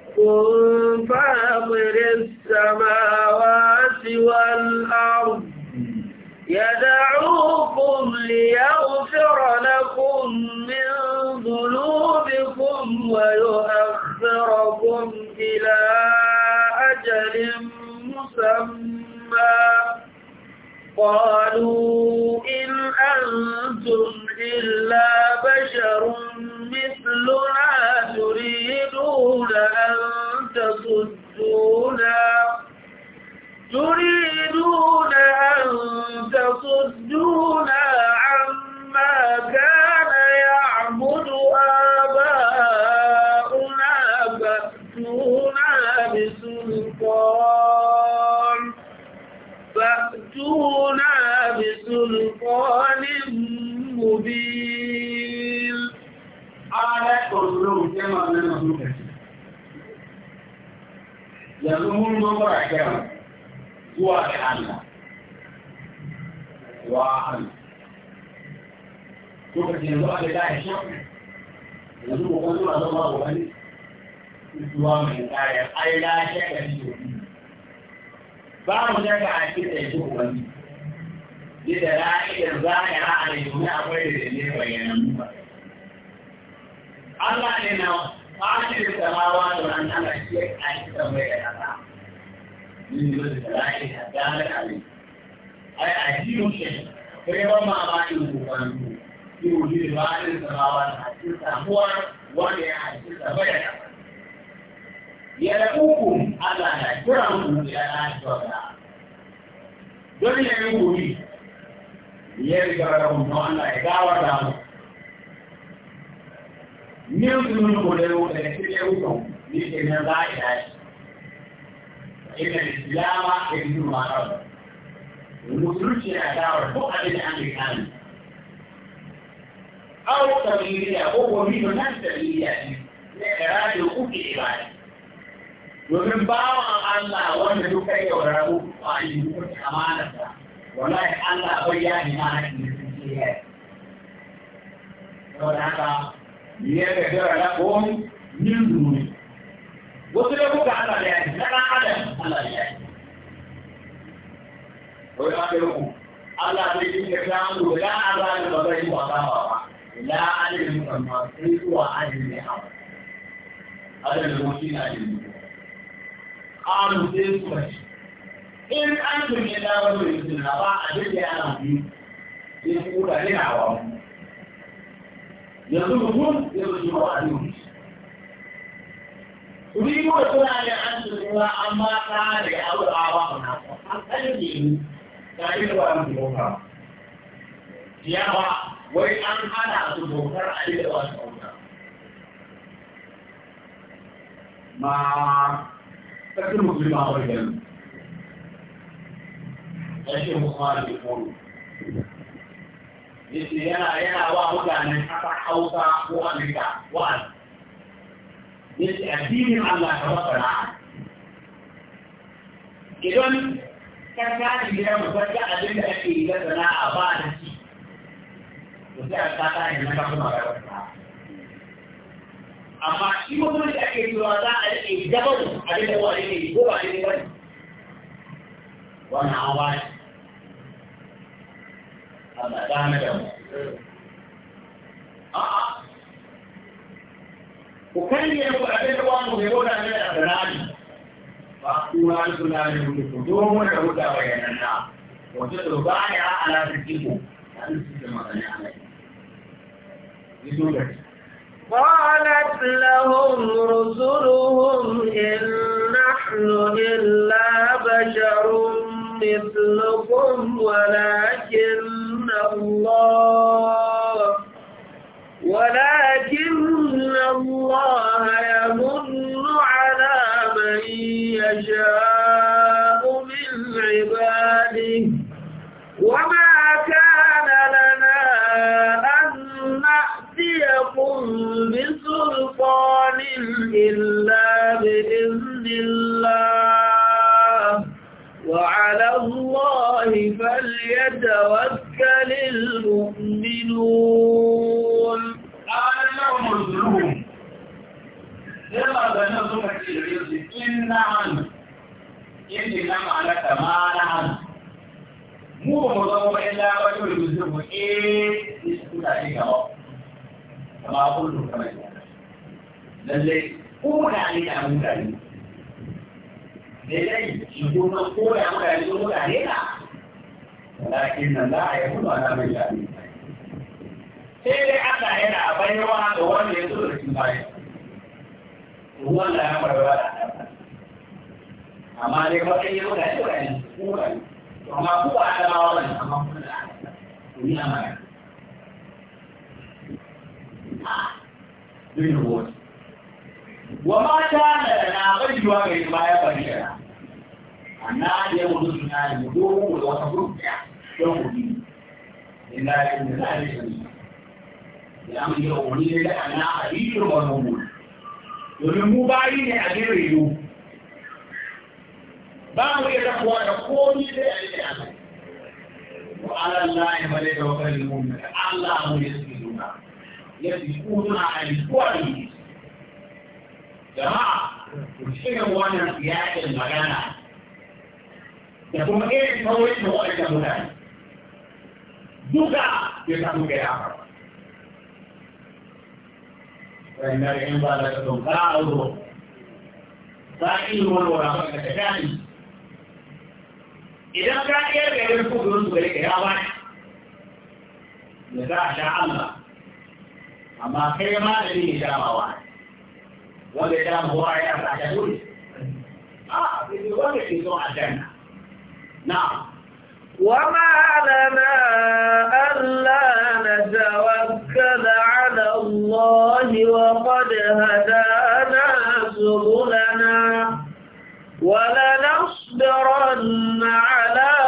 كن فاطر السماوات والأرض يدعوكم ليغفر لكم من ذنوبكم ويؤخركم إلى أجل مسمى قالوا إن أنتم إلا بشر مثلنا تريدون أن تصدونا تريدون أن تصدونا عما كان يعبد آباؤنا فأتونا بسلطان فأتونا بسلطان مبين alẹ́kọ̀ọ́ tó lóhun jẹ́ máa lẹ́nu ọdún kẹsì. Yanzu mun zuwa ga Allah. Wa Lokacin yanzu aka da ya shafi. Yanzu ko kan na zama wa wani. mai tsayar ai na shaka shi Ba mu shaka a cikin da shi wani. Allah ne na da samawa da nan ana shi ya kashi da mai da kasa. Min zuwa da lafi da gane kare. Ai, a jiyo shi, kai ban mu. kokonto, yau ne fashin samawa da hashin wanda ya hashi da mai da kasa. Yada uku Allah ya kira mu ya lafi wa da. Don yayin wuri, yadda ga rahoton Allah ya gawar da mu. ní oṣù ní kò lẹ́wọ́ ẹ̀ẹ́dẹ́gbẹ́ wùtọ̀ ní ìṣẹ̀lẹ̀ bá ìdá ẹ̀. Ilẹ̀ ìsìláwá ẹ̀dùn wà rọ̀. Mùsùlùmí ṣe àdáwọ̀ fún àdéhùn Ámíkánì. Àwọn tàbílíyà ó wọ nínú láti tàbílíyà ní ẹ̀rá ìlú kúkì ìbàdàn. Domin bawan Allah wanda duk kai yaurara yawa wai an hana su dokar a yi da wasu ƙaunar. Ma ƙasar musulma wani gani, ƙasar musulma da koro. Yace yana yana wa mutanen ƙasar Hausa ko Amurka wa'azi. Yace addinin Allah ta masana. Idan ka gane gidan mu ga abin da ake yi na sana'a ba da shi sai a sata ne na kafin mara amma shi mutum da ake cewa za a rike dabar a rike wa rike ko ba rike wani wannan an wani Allah ta hana da mu a'a ku kan yi ku abin da wani mai wata ne a birane ba ku wani suna ne mutu domin da wuta bayanan na wata da ba ya ala su kiko a cikin magana قالت لهم رسلهم إن نحن إلا بشر مثلكم ولكن الله ولكن الله يمن على من يشاء من عباده وما لكم بسلطان إلا بإذن الله وعلى الله فليتوكل المؤمنون làm được. Nên là cố cố أقول كمان للي قول علينا مكان للي يكون قول علينا يقول علينا ولكن لا يكون على من يعلم sai Allah yana baiwa da wanda ya zo da shi baya wanda ya barwa da amma dai ba kai yau da shi ba ne kuma amma ku ba da ma wannan amma kuma da ni amana للنبوة وما كان لنا غيرها غير ما ينبغي لنا أن يوم سنة النبوة والوصف يوم الدين إلا إن الله يسمي لأن يوم الدين لأن خليل ونمول ولمباين أجر يوم babu iya rabuwa da komi sai a yi da Allah. Wa Allah ya bale da wakar limun Allah mu يسبقون عن الكواليس جماعة shirin wannan yakin magana da kuma irin saurin da waɗanda mutane duka ya samu gaya a Ranar yin ba da kasan ka'aro, sa'in warwara maka da shani. Idan ka iya garin kudurin su gari ka yawa ne, da za a sha Allah. أما خير ما الذي واحد وده هو رأي أربعة آه في الواقع في الجنة نعم وما لنا ألا نتوكل على الله وقد هدانا سبلنا ولنصبرن على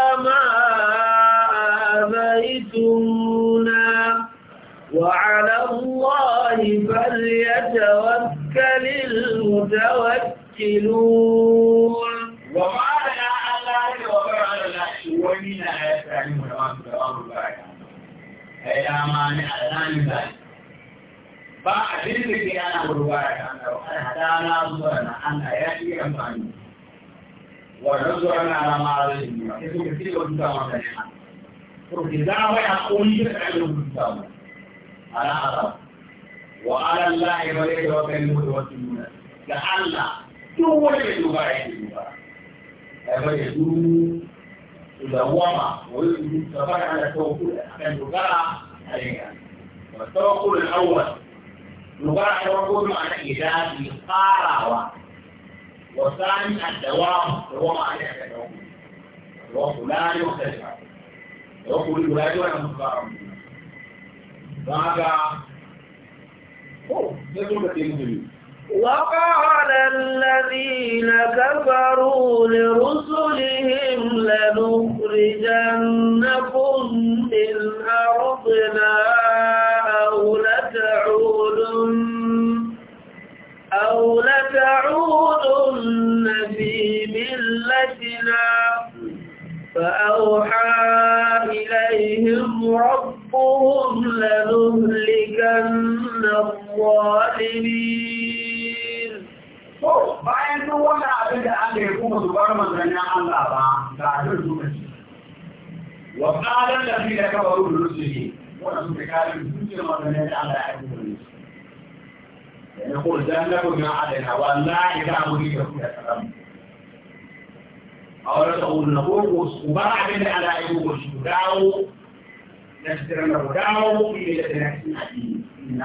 الله فليتوكل المتوكلون وما لنا الله وفعل الله ومنا يستعين متوكل الله أي أمان أذان أنا بعد ذلك أنا مبارك أنا وأنا أنا أنا أنا أمامي ونظرنا على ما رأينا أنا كثير قدامنا أنا ما يقول أنا قدامنا على أنا وعلى الله وليه وكل المتوكلون لعل duk wani mai duba ya ke duba ya bai da duru su da wama wani duru da fara ana tawakkul a kan dogara a yanka wa tawakkul al-awwal dogara ta farko ma ana idadi farawa wa sani ad-dawam da wama ana ka tawakkul wa kula ne wa kalma wa kula ne wa kalma ba ga وقال الذين كفروا لرسلهم لنخرجنكم من أرضنا أو لتعودن أو لتعودن في ملتنا فأوحى إليهم ربهم لنهلكن الظالمين bayan duk wani abin da an ya kuma su bar manzannin Allah ba ga abin suka ci. Wa ƙalar da fi da kawar ruru su ne, wanda suka kare zuciyar manzannin da Allah ya kuma ne. Da na kuma zan lafi na Allah na wallahi za mu yi da kuma ahora son unos pocos cubanos a la época chudao نشترنا وداو في الأسنان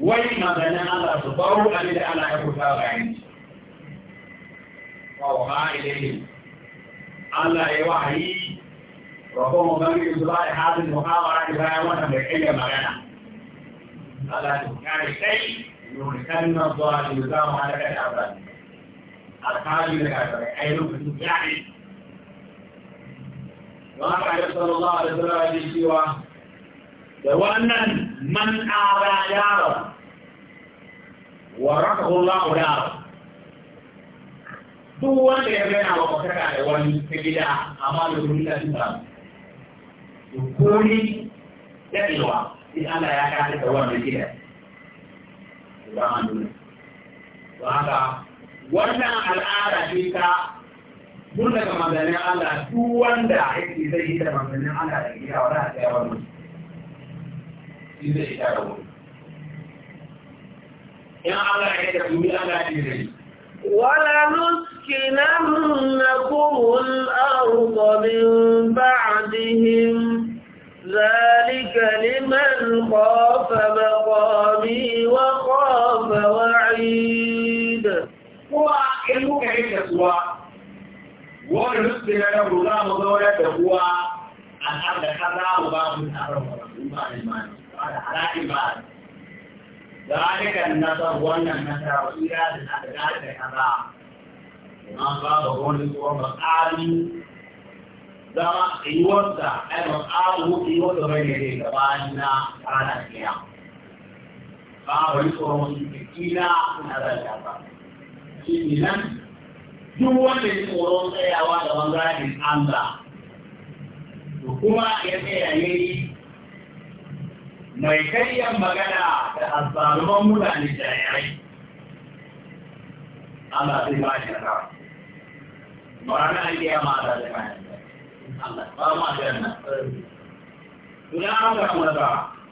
ولما بنى على تضرع إلى على عبوتها بعيد فوقع إليه على يوحي ربما بني إصلاح هذه المحاضرة كفاية وانا بحية مغانا على تكاري شيء يمكننا الظالم يزام على كتابة alkali da kafirai ai lokacin yaƙi don haka ya sallallahu alaihi wasallam ya cewa da wannan man ara yaro wa rakahu Allah yaro duk wanda ya gana wa kwataka da wani ta gida amma da kuri da sinta da kuri da ilwa in Allah ya kasa da wannan gida. Ba an dole. Ba haka wannan al'ada ce ta mun daga manzannin Allah duk wanda yake zai yi da manzannin Allah da gida wani a tsaye wani shi zai yi tara wani in Allah ya yi da tumi Allah ya yi ولنسكننكم الأرض من بعدهم ذلك لمن خاف مقامي وخاف وعيد in kuka yi kasuwa wani musulmi na yau za mu zaunar da kuwa a har da kan za mu ba mu tsarar wani ba da imani ba da halakin ba da halikan nasar wannan nasara wasu ya da na da dalilin kaza ma ba da wani tsohon matsari zama yiwuwarsa ai matsari mutu yiwuwarsa bai ne zai gabani na ranar kiyama ba wani tsohon mutu kila na zai gabani shi nan duk wanda ya tsoron tsayawa da bangaren Allah to kuma ya tsaya ne mai karyan magana da azzaluman mutane da yarai Allah zai ba shi ra ba na iya ma da da Allah ba ma da nan to ya ga kuma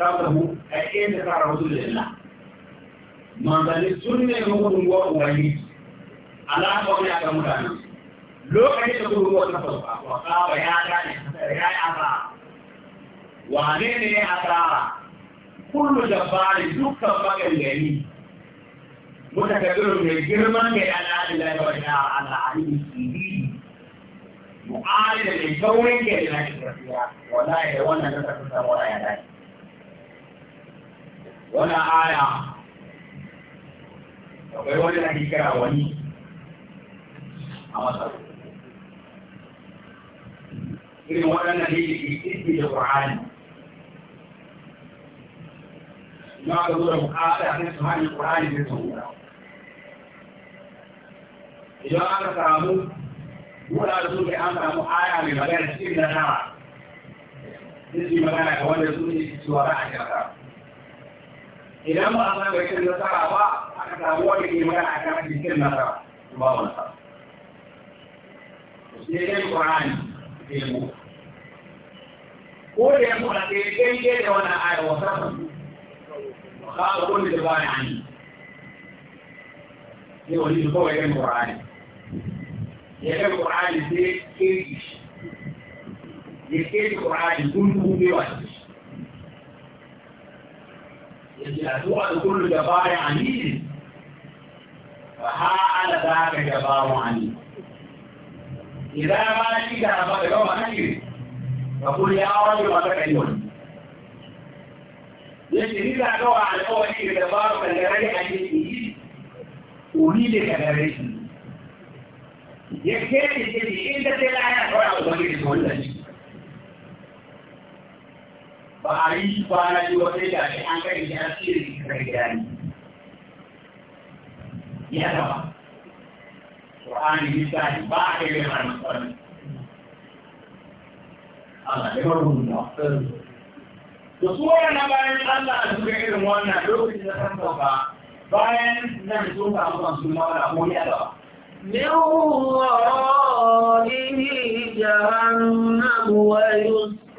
sababu aiyenda ka rasulillah manzali sunne mugudun go ruwa ala alaƙa wani ga mutane lokacin da kuma ruwa ta farko wa kawa ya gane ne ya yi ba wane ne ya asara da jabbari dukkan bakin gari mutakabbirin mai girman da ya da ya wani a alimin sibiri mu'ali da mai saurin ke da na ke tafiya wala ya wannan na tafiya wala ya dace wani aya akwai wani na kira wani a masar irin waɗannan ne ke kirki da ƙwa'ani na ka zo da bukata a kan samanin ƙwa'ani da saura idan aka samu wula da suke an samu aya mai magana cikin na nawa zai magana ga wanda su ne cewa za a shaka idan ba a san rashin nasara ba aka samu wanda ke mana a kan cikin nasara ba wanda sai dai Qur'ani sai mu ko da yanzu ɗaya sai daidai da wannan ayar wasa ka ga kun da ba ni ne wani ko ya yan Qur'ani ya kan Qur'ani sai ke ya ke Qur'ani kun ku bai wani الأسوأ كل جبار عنيد فحاء ذاك جبار عنيد إذا ما نجد أنا يوم نجد فقل يا رجل وتكلم يجري إذا نوع على أول جبار عنيد أريد ba a yi kwana yi wata da shi an kai shi an tsiri ka gani ya gaba Qur'ani misali ba a kai har musamman Allah ya barhu da da su wannan bayan Allah a duka irin wannan lokacin da kan ba bayan nan sun samu kan sun mawala ko ya gaba من ورائه جهنم ويسقى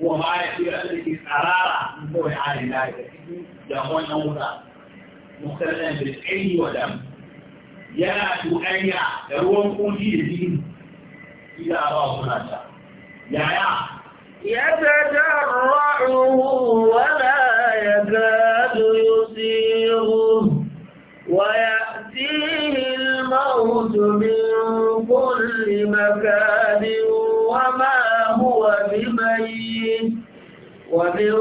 وما يصير الذي قرارا هو عالي لا يهون نورا مختلفا بالعلم والدم يا تؤيا يروم كوجي الدين إلى الله سبحانه يا يا يتجرعه ولا يكاد يسيره ويأتيه الموت من كل مكان وما هو ومن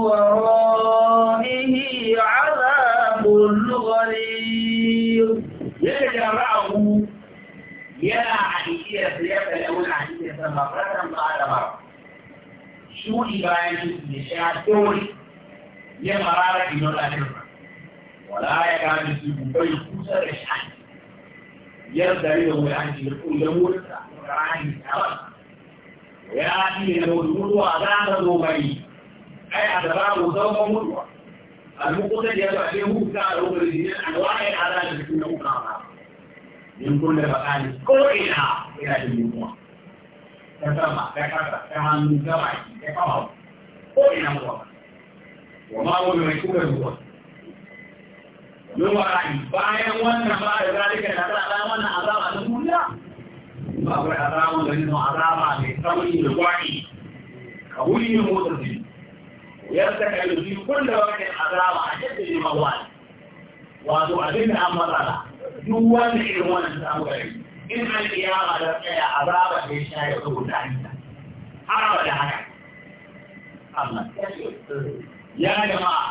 ورائه عذاب غليظ يجرعه يرى عديدية سياسة الأول عديدية مرة بعد مرة شو إبراهيم نشاء دوري يمرار إنه لا يرى ولا يكاد يسيب بيكوسة رشعان يرضى له عن يقول له القرآن الأول ya iya da wasu mutuwa za ta zo bari ai a da babu zauban mutuwa a duk kusa da ya zo a ce hukuta a lokacin jinin alwa ya ala da cikin nan kuma yin kulle ne ko ina ina da yunwa ta sama ta kasa ta hannu ta baki ta kawo ko ina mutuwa wa ma wani mai kuka zuwa Yau ba bayan wannan ba da zalika da ta ɗan wannan azaba ta duniya kuma akwai azaban gari don azaba mai tsauri da gwani ka wuri yin motsa ji yadda ka yi ji kulla wani azaba a yadda ne mawani wato abin da an matsala duk wanda irin wannan samu gari in an kiyama da tsaya azaba da ya sha ya zo da hanyar har abada haka Allah ya jama'a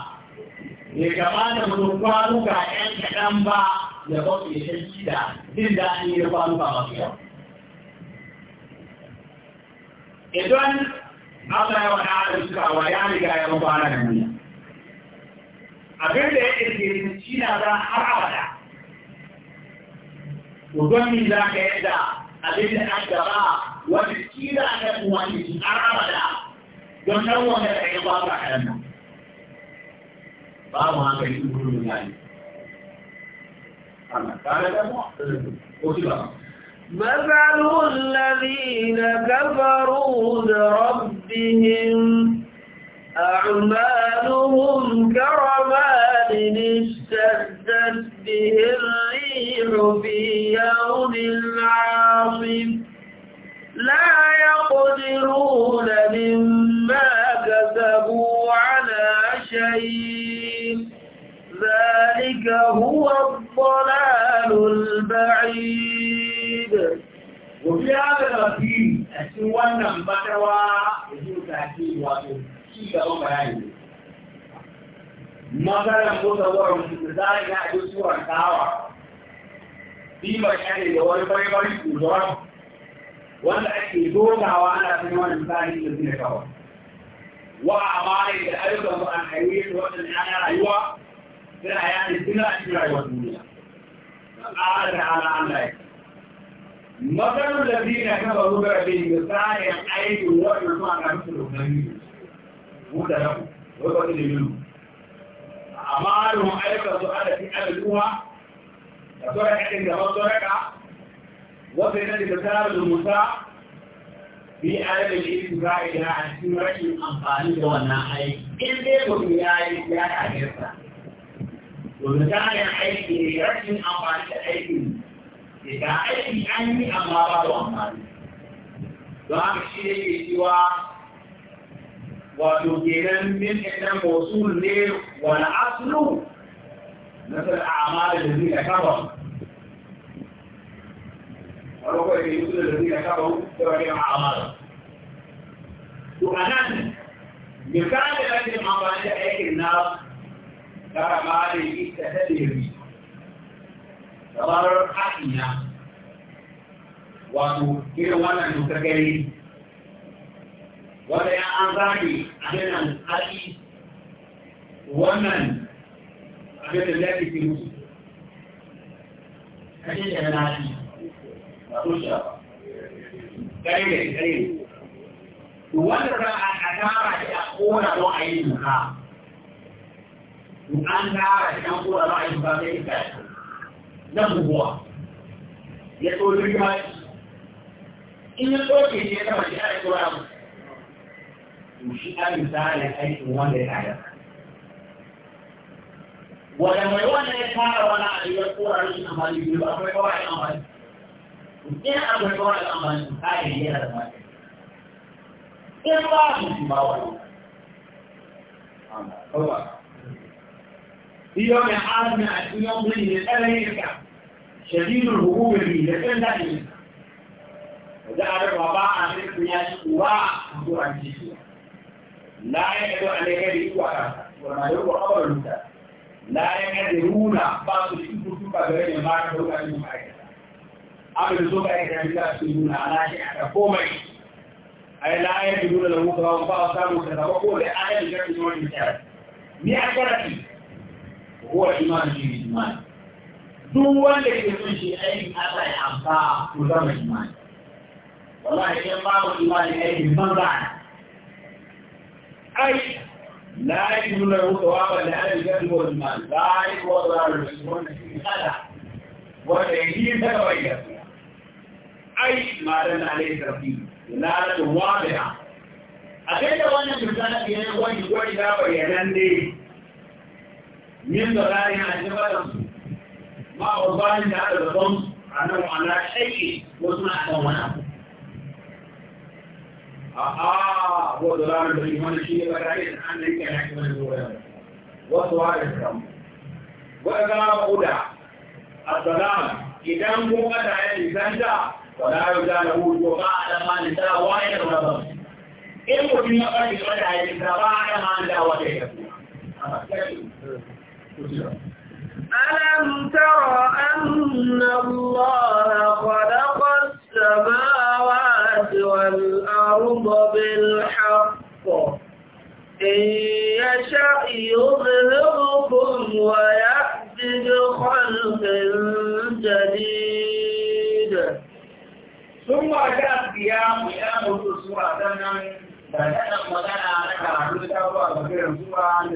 bai kamata mutum kwanuka ‘yan kaɗan ba ya bauta ya shirki da jin daɗi ya kwanuka masu yawa. idan Allah ya wada da suka wa ya riga ya mabara na duniya abin da yake ƙirƙiri shi na za har abada don min za ka yadda abin da an gaba wani aka na wani har abada don nan wanda ka yi ba ka kayan nan babu haka yi gudu da Allah, ta da mu, ko shi ba. مثل الذين كفروا بربهم أعمالهم كرمال اشتدت به الريح في يوم عاصف لا يقدرون مما كسبوا على شيء ذلك هو الضلال البعيد da gobe ya ga rafi a cikin wannan batarwa da su ta ce wato ci gaban bayani magaran motsa wurin da za a yi a duk suran tawa bimar shari da wani bari-bari kuzuran wanda ake dogawa ana cikin wani misali da zina kawai wa amare da ayyukan su an haiwe su waɗanda ya rayuwa suna yaɗin suna cikin rayuwar duniya. Allah da Allah Allah ya Matsalar da biyu na kama rubar da yi misalin aikin wadda suna kamfin rukunan buɗe na wata da yiwu. Amma alun aika su ala fi al'uwa da sauran yakin da masu raka wata yana da tsarar da musa bi ala da yi su za a gina a cikin rashin amfani da wannan aiki. In dai mutum ya yi ya kafirsa. Domin tsarin aiki ne rashin amfani da aiki ان وتجينا من احنا موصول ليه والعصر مثل اعمال الذين كفروا ولو في مثل الذين كفروا فهي اعمال وانا مثال الذي ما بعد هيك الناس ترى ما لي تهدي kamar haɗiya wato irin wannan dokar gari wanda ya an zage abin nan haɗi wannan abin da ya fi mutu kashe da na haɗi wato shi ba kare ne kare ne wanda za a tara shi a kona don a yi nuka an tara shi an kona don a yi nuka sai ya na buguwa ya tsoro rigima in ya tsoke shi ya kama shi ana tsoro abu to shi a misalin aikin wanda ya kaya wanda mai wanda ya tara wani a ya tsora rashin amfani biyu ba akwai kawai amfani in akwai kawai amfani to kayan yana da mata in ba su shi ba wani kawai في يوم عادنا في يوم ألا يرجع شديد الهروب فيه لكن لا يرجع وذا أعرف وباء عن الدنيا وباء عن الجسم لا يقدر عليك بإقوى وما يقوى قبل المتاع لا يقدرون بعض الشيء تبقى بين ما يقدرون أن يمحيك أمر أي إكرام الله سيدون على شيء أتقومي أي لا يقدرون له قوة وفاء وصاموا كذا وقول أهل من huwa imanin shi ijmani duk wanda ke son shi aikin Allah ya amsa ku zama imani ya in babu imani aikin banza ai la yunna thawaba la ajran wa mal la yuwara al-muslimun fi hada wa yahi tabayya ai malan alayhi rabbi la tuwaba a kai da wannan misali ne wani gwani da bayanan ne من ضلالهم عن جبلهم ما هو ظالم هذا الظلم عنه على شيء واسمع دومنا آه هو ضلال بالإيمان الشيء بكائن أن لك الحكمة الأولى وسؤال الكرم وإذا أولى الضلال إذا هو قد الإنسان جاء ولا يزال هو يقع على ما نساء وائل ونظر إن كنت قد قد على ما نساء وائل ونظر ألم تر أن الله خلق السماوات والأرض بالحق إن يشأ يظهركم ويأتي بخلق جديد ثم جاء قيام قيام الأسبوع ثمنا بدأنا مدانا على كرامة الله وغير الأسبوع عند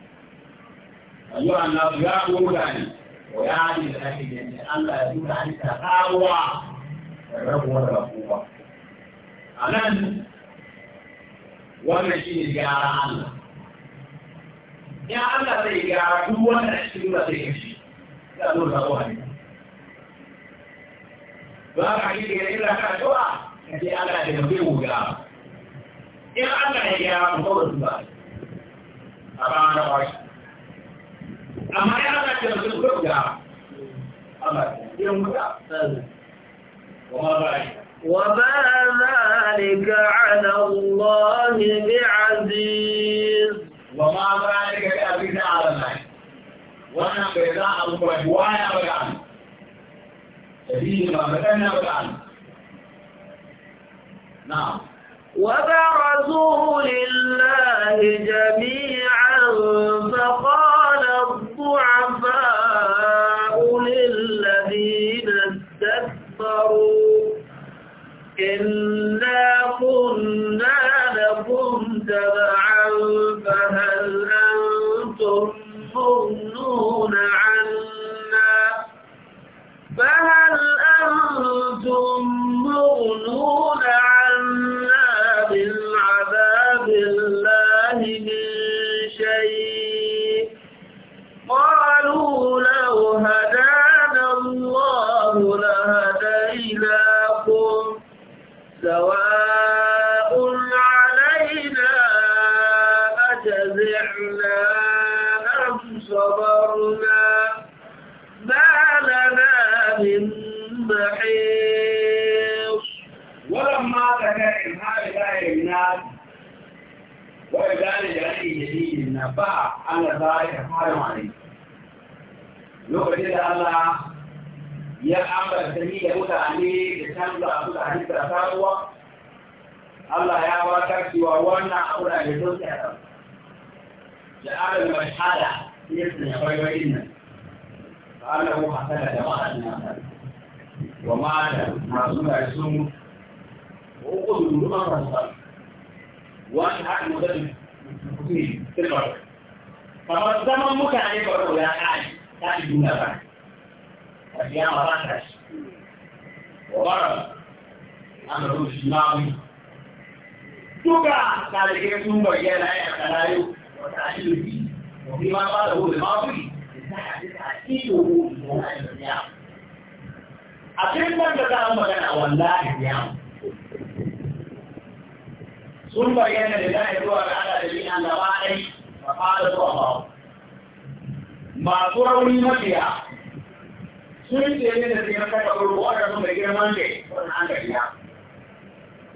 أيها الناس يا أولاني ويعني الأكيد أن لا يدل عليك أقوى الرب ولا قوة أنا wannan shi ne gyara Allah. Ya Allah zai gyara duk wanda a cikin da zai kashi, ya zo da zaɓo hannu. Ba ka yi daga illa ka cewa, ka ce Allah da gabe mu gyara. In Allah ya gyara mu kawai su ba, a ba na kwashi. amma ya ana ce وما ذلك على الله ya muka wa ba وما ذلك على الله بعزيز وما ذلك بعزيز على الله وانا بيضاء القرآن وانا بيضاء سبيل ما بدأنا بيضاء نعم وبرزوا لله جميعا فقال الضعفاء للذين استكبروا إنا كنا لكم تبعا فهل أنتم مغنون عنا فهل نفع على ذلك حرم عليه lokacin da Allah ya ambata ni da mutane da canza su da hadisa da sabuwa Allah ya wata cewa wannan abu da ke sun tsaya da adam mai hada ya tsaya baiwai nan Allah ko hasala da ma'ana wa ma'ana masu da sun ko ko duru ma fasa wani hadin mutum mutum ne suka wani kamar zaman mutane ba ko ya kai ta yi duniya ba a biya ma ba ta shi wabara an rubu shi mamu duka ɗalibai sun bayyana ya kalayo wata ashirki wani ma ba da wuri mamu abin da ta magana wallahi ya mu ثم بين لله جوهر على الذين أن فقال الله ما تروا من مكيا سنت يمين الذين كتبوا الوارة ثم بين مانك فرحان كتبيا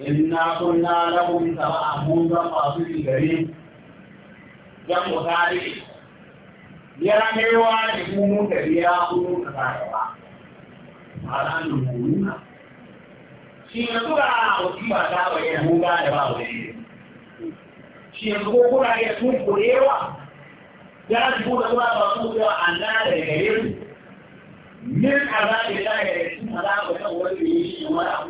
إنا كنا لهم تبعا موسى قاصد الكريم جمع ثالث يا ميوان يكون كبيرا كون كبيرا هذا نقولنا شيء نقول على أوتيما تابع يهودا لبابه shi yanzu ko kuna iya tun kurewa ya ji kuma suna ba su da Allah da gare su min azabi da ya yi sun azaba da wanda ya yi shi wani abu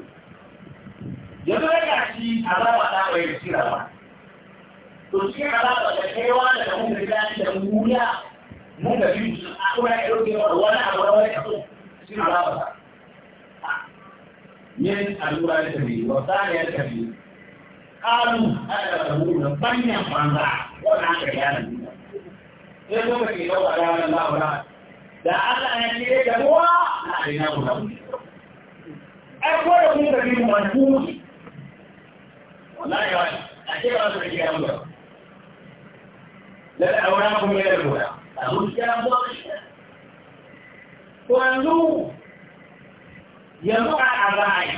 yanzu da ya ci azaba da ba ya ci ba to shi azaba da kaiwa da mun da gani da muya mun da biyu sun a kuma ya dauke wa wani abu da wani abu shi azaba min allura da tabi wa saniya da tabi قالوا هذا تقول بني فرنسا ولا عندنا sai kuma ke yau a ranar labura da Allah ya ce da ruwa na aina guda ai ko da kun gari mu wani kuma wallahi wani a ce ba su da gida mu da aura kuma ya ruwa a hujja mu ko yanzu yanzu a rai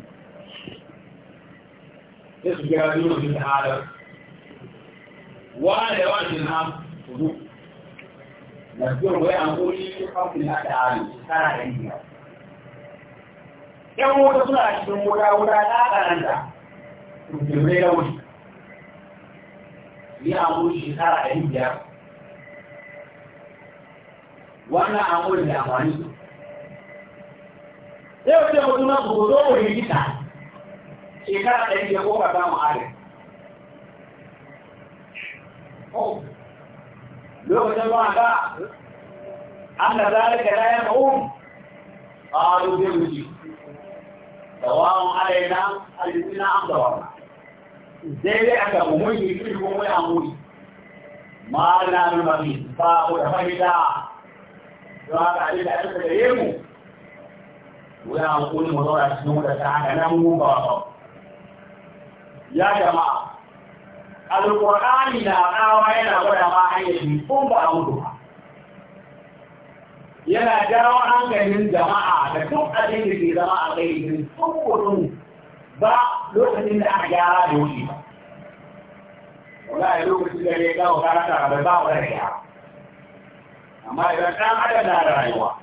sai su kira biyu su ta halar wane wane na kudu na biyar wai an koli su kafin na da hali tara da indiya yan wuta suna cikin wuta wuta ta karanta su jimre da wuce yi an koli shi tara da indiya wannan an koli da amfani yau ce mutum na kudu zo mu rigita shekara ɗari da kofa za mu adai lokacin ba ga an da zalika la yanfa'un qalu bi wuji sawa'un alaina alisina am dawana daidai aka mu mun yi kiri ko mun amuri ma na nuna bi ba ko da fahimta don haka abin da aka gare mu wuya hankuli mu zaura cikin wadda ta haka nan mu ba ba ya jama'a alƙur'ani na ƙawa yana gwada ma hanyar kun ba a mutu ba yana jawo hankalin jama'a da duk abin da ke zama a kai gairin sun ba lokacin da aka gyara da wuce ba wallahi lokacin da ya gawo karata ba ba wa ya amma idan ɗan adam na da rayuwa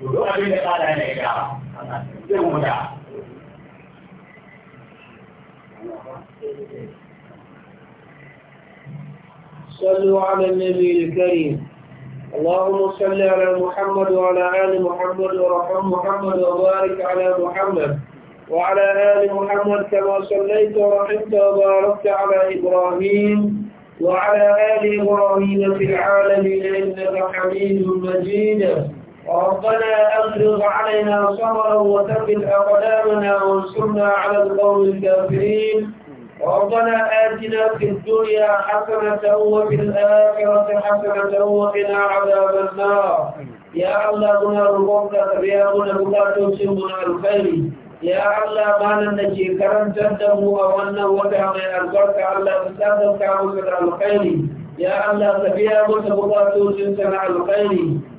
to duk abin da tsada ne ya gyara zai da. صلوا على النبي الكريم اللهم صل على محمد وعلى آل محمد ورحم محمد وبارك على محمد وعلى آل محمد كما صليت ورحمت وباركت على إبراهيم وعلى آل إبراهيم في العالمين إنك حميد مجيد ربنا أفرغ علينا صبرا وثبت أقدامنا وانصرنا على القوم الكافرين ربنا آتنا في الدنيا حسنة وفي الآخرة حسنة وقنا عذاب النار يا الله منا ربك يا منا بكاتو سمنا الخير يا الله مالا نجي كرم تندم ومنا وتعمل البركة الله تسادم كامل الخير يا الله تبيا منا بكاتو سمنا الخير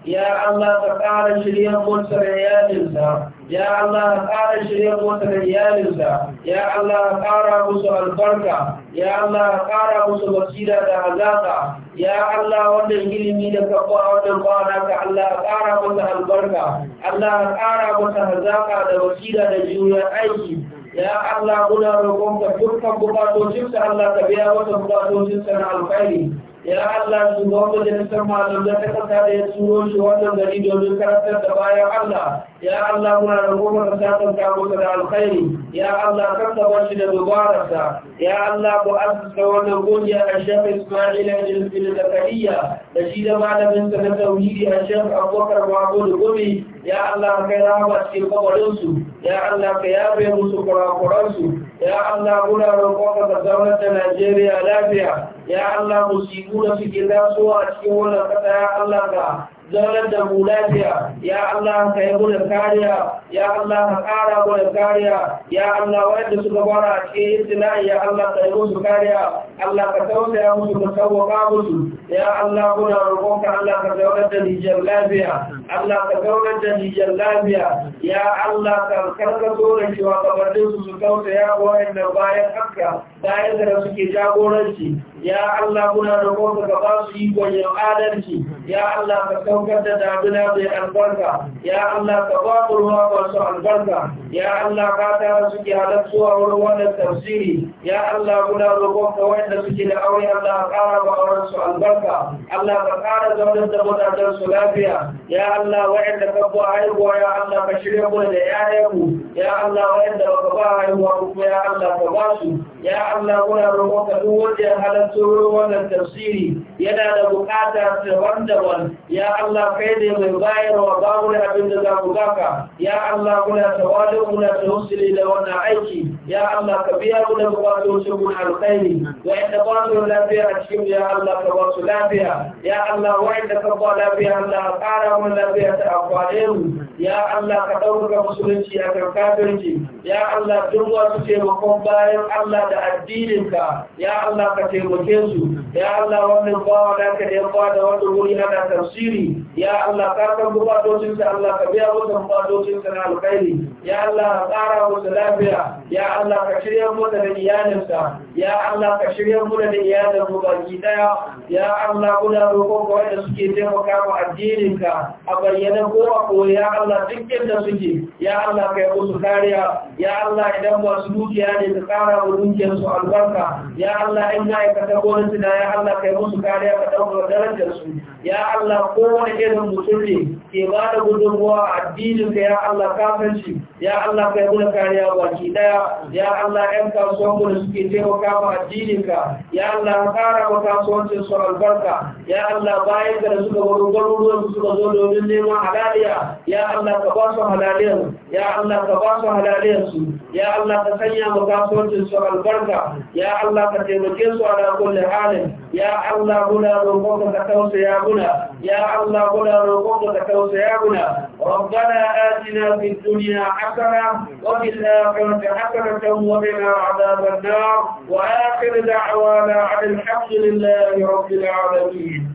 يا الله تقال شريا منا يا الله ya Allah ƙara shirya wata da iyalinsa ya Allah ƙara musu albarka ya Allah ƙara musu basira da hazaka ya Allah wannan ilimi da ka ba wannan bana ka Allah ƙara masa albarka Allah ƙara masa hazaka da basira da juriyar aiki ya Allah muna roƙonka dukkan bukatocinsa Allah ka biya wata bukatocinsa na alfahari. ya Allah su ga wanda da malam da ta kasa da ya turo shi wannan gari domin karantar da bayan Allah ya Allah muna da goma da sakon kamo da alkhairi ya Allah kasaba shi da dubararsa ya Allah ku azzaka wannan kungiya a shafi Isma'ila da Zakariya da shi da malamin sa na tauhidi a shafi Abubakar da Gumi ya Allah kai rahama cikin kabarin ya Allah ka yafe musu kurakuran ya Allah muna roƙonka ka zaunar da Najeriya lafiya ya Allah musibu da suke tasowa a cikin wannan kasa. ya Allah ka zaunar da mu lafiya ya Allah ka yi gudun kariya ya Allah ka ƙara gudun kariya ya Allah wanda suka bara a cikin ibtila'i ya Allah ka yi musu kariya Allah ka tausaya musu ka sauwaka musu ya Allah muna roƙonka Allah ka zaunar da Nijar lafiya Allah ka zaunar da Nijar lafiya ya Allah ka karkato da cewa kabarin su su tausaya wa wa'annan bayan haka bayan da suke jagoranci ya Allah muna roƙon ka ba su yi gwanin adalci ya Allah ka saukar da damina mai albarka ya Allah ka ba mu ruwa masu albarka ya Allah ka tara suke halartuwa wurin wannan tafsiri ya Allah muna roƙon ka wanda suke da aure Allah ka ƙara wa auren su albarka Allah ka ƙara zaunar da mutanen su lafiya ya Allah wa'anda ka ba haihuwa ya Allah ka shirya mu da ƴaƴanmu ya Allah wa'anda ba ka ba haihuwa ku ya Allah ka ba su ya Allah muna roƙon ka duk wanda ya halarta masu wannan tafsiri yana da bukata daban-daban ya Allah kai ne mai wa babu da abin da za mu baka ya Allah muna tawadu muna tawassuli da wannan aiki ya Allah ka biya mu da bukatocin mu alkhairi wa inda ba su lafiya a cikin ya Allah ka ba su lafiya ya Allah wa inda ka ba lafiya Allah ka kara mu lafiya ta amfane mu ya Allah ka dauka musulunci a kan kafirci ya Allah duk wasu taimakon bayan Allah da addininka ya Allah ka taimaka taimake su ya Allah wannan bawa da ka da yawa da wani wuri na da tafsiri ya Allah ka san bukatocin ta Allah ka biya musu bukatocin ta na alkhairi ya Allah ka ƙara musu lafiya ya Allah ka shirya mu da iyalin sa ya Allah ka shirya mu da iyalin mu baki daya ya Allah kuna roƙon ka wanda suke taimaka wa addinin ka a bayyana ko a koyi ya Allah duk inda suke ya Allah ka yi musu kariya ya Allah idan masu dukiya ne ka ƙara wa dukiyar su albarka ya Allah in na ɗaukaka na ya Allah kai musu kariya ka ɗaukaka darajarsu ya Allah kowane irin mutum ne ke ba da gudunmuwa a addinin ka ya Allah kafanci ya Allah kai muna kariya baki ɗaya ya Allah ƴan kasuwan mu da suke taimaka ma addinin ka ya Allah ƙara wa kasuwancin su albarka ya Allah bayan ka da suka wani garuruwan su suka zo domin neman halaliya ya Allah ka ba su halaliyar ya Allah ka ba su halaliyar su ya Allah ka sanya mu kasuwancin su albarka ya Allah ka taimake su a كل حال يا الله هنا نقوم يا هنا يا الله هنا نقوم يا هنا ربنا آتنا في الدنيا حسنة وفي الآخرة حسنة وقنا عذاب النار وآخر دعوانا عن الحمد لله رب العالمين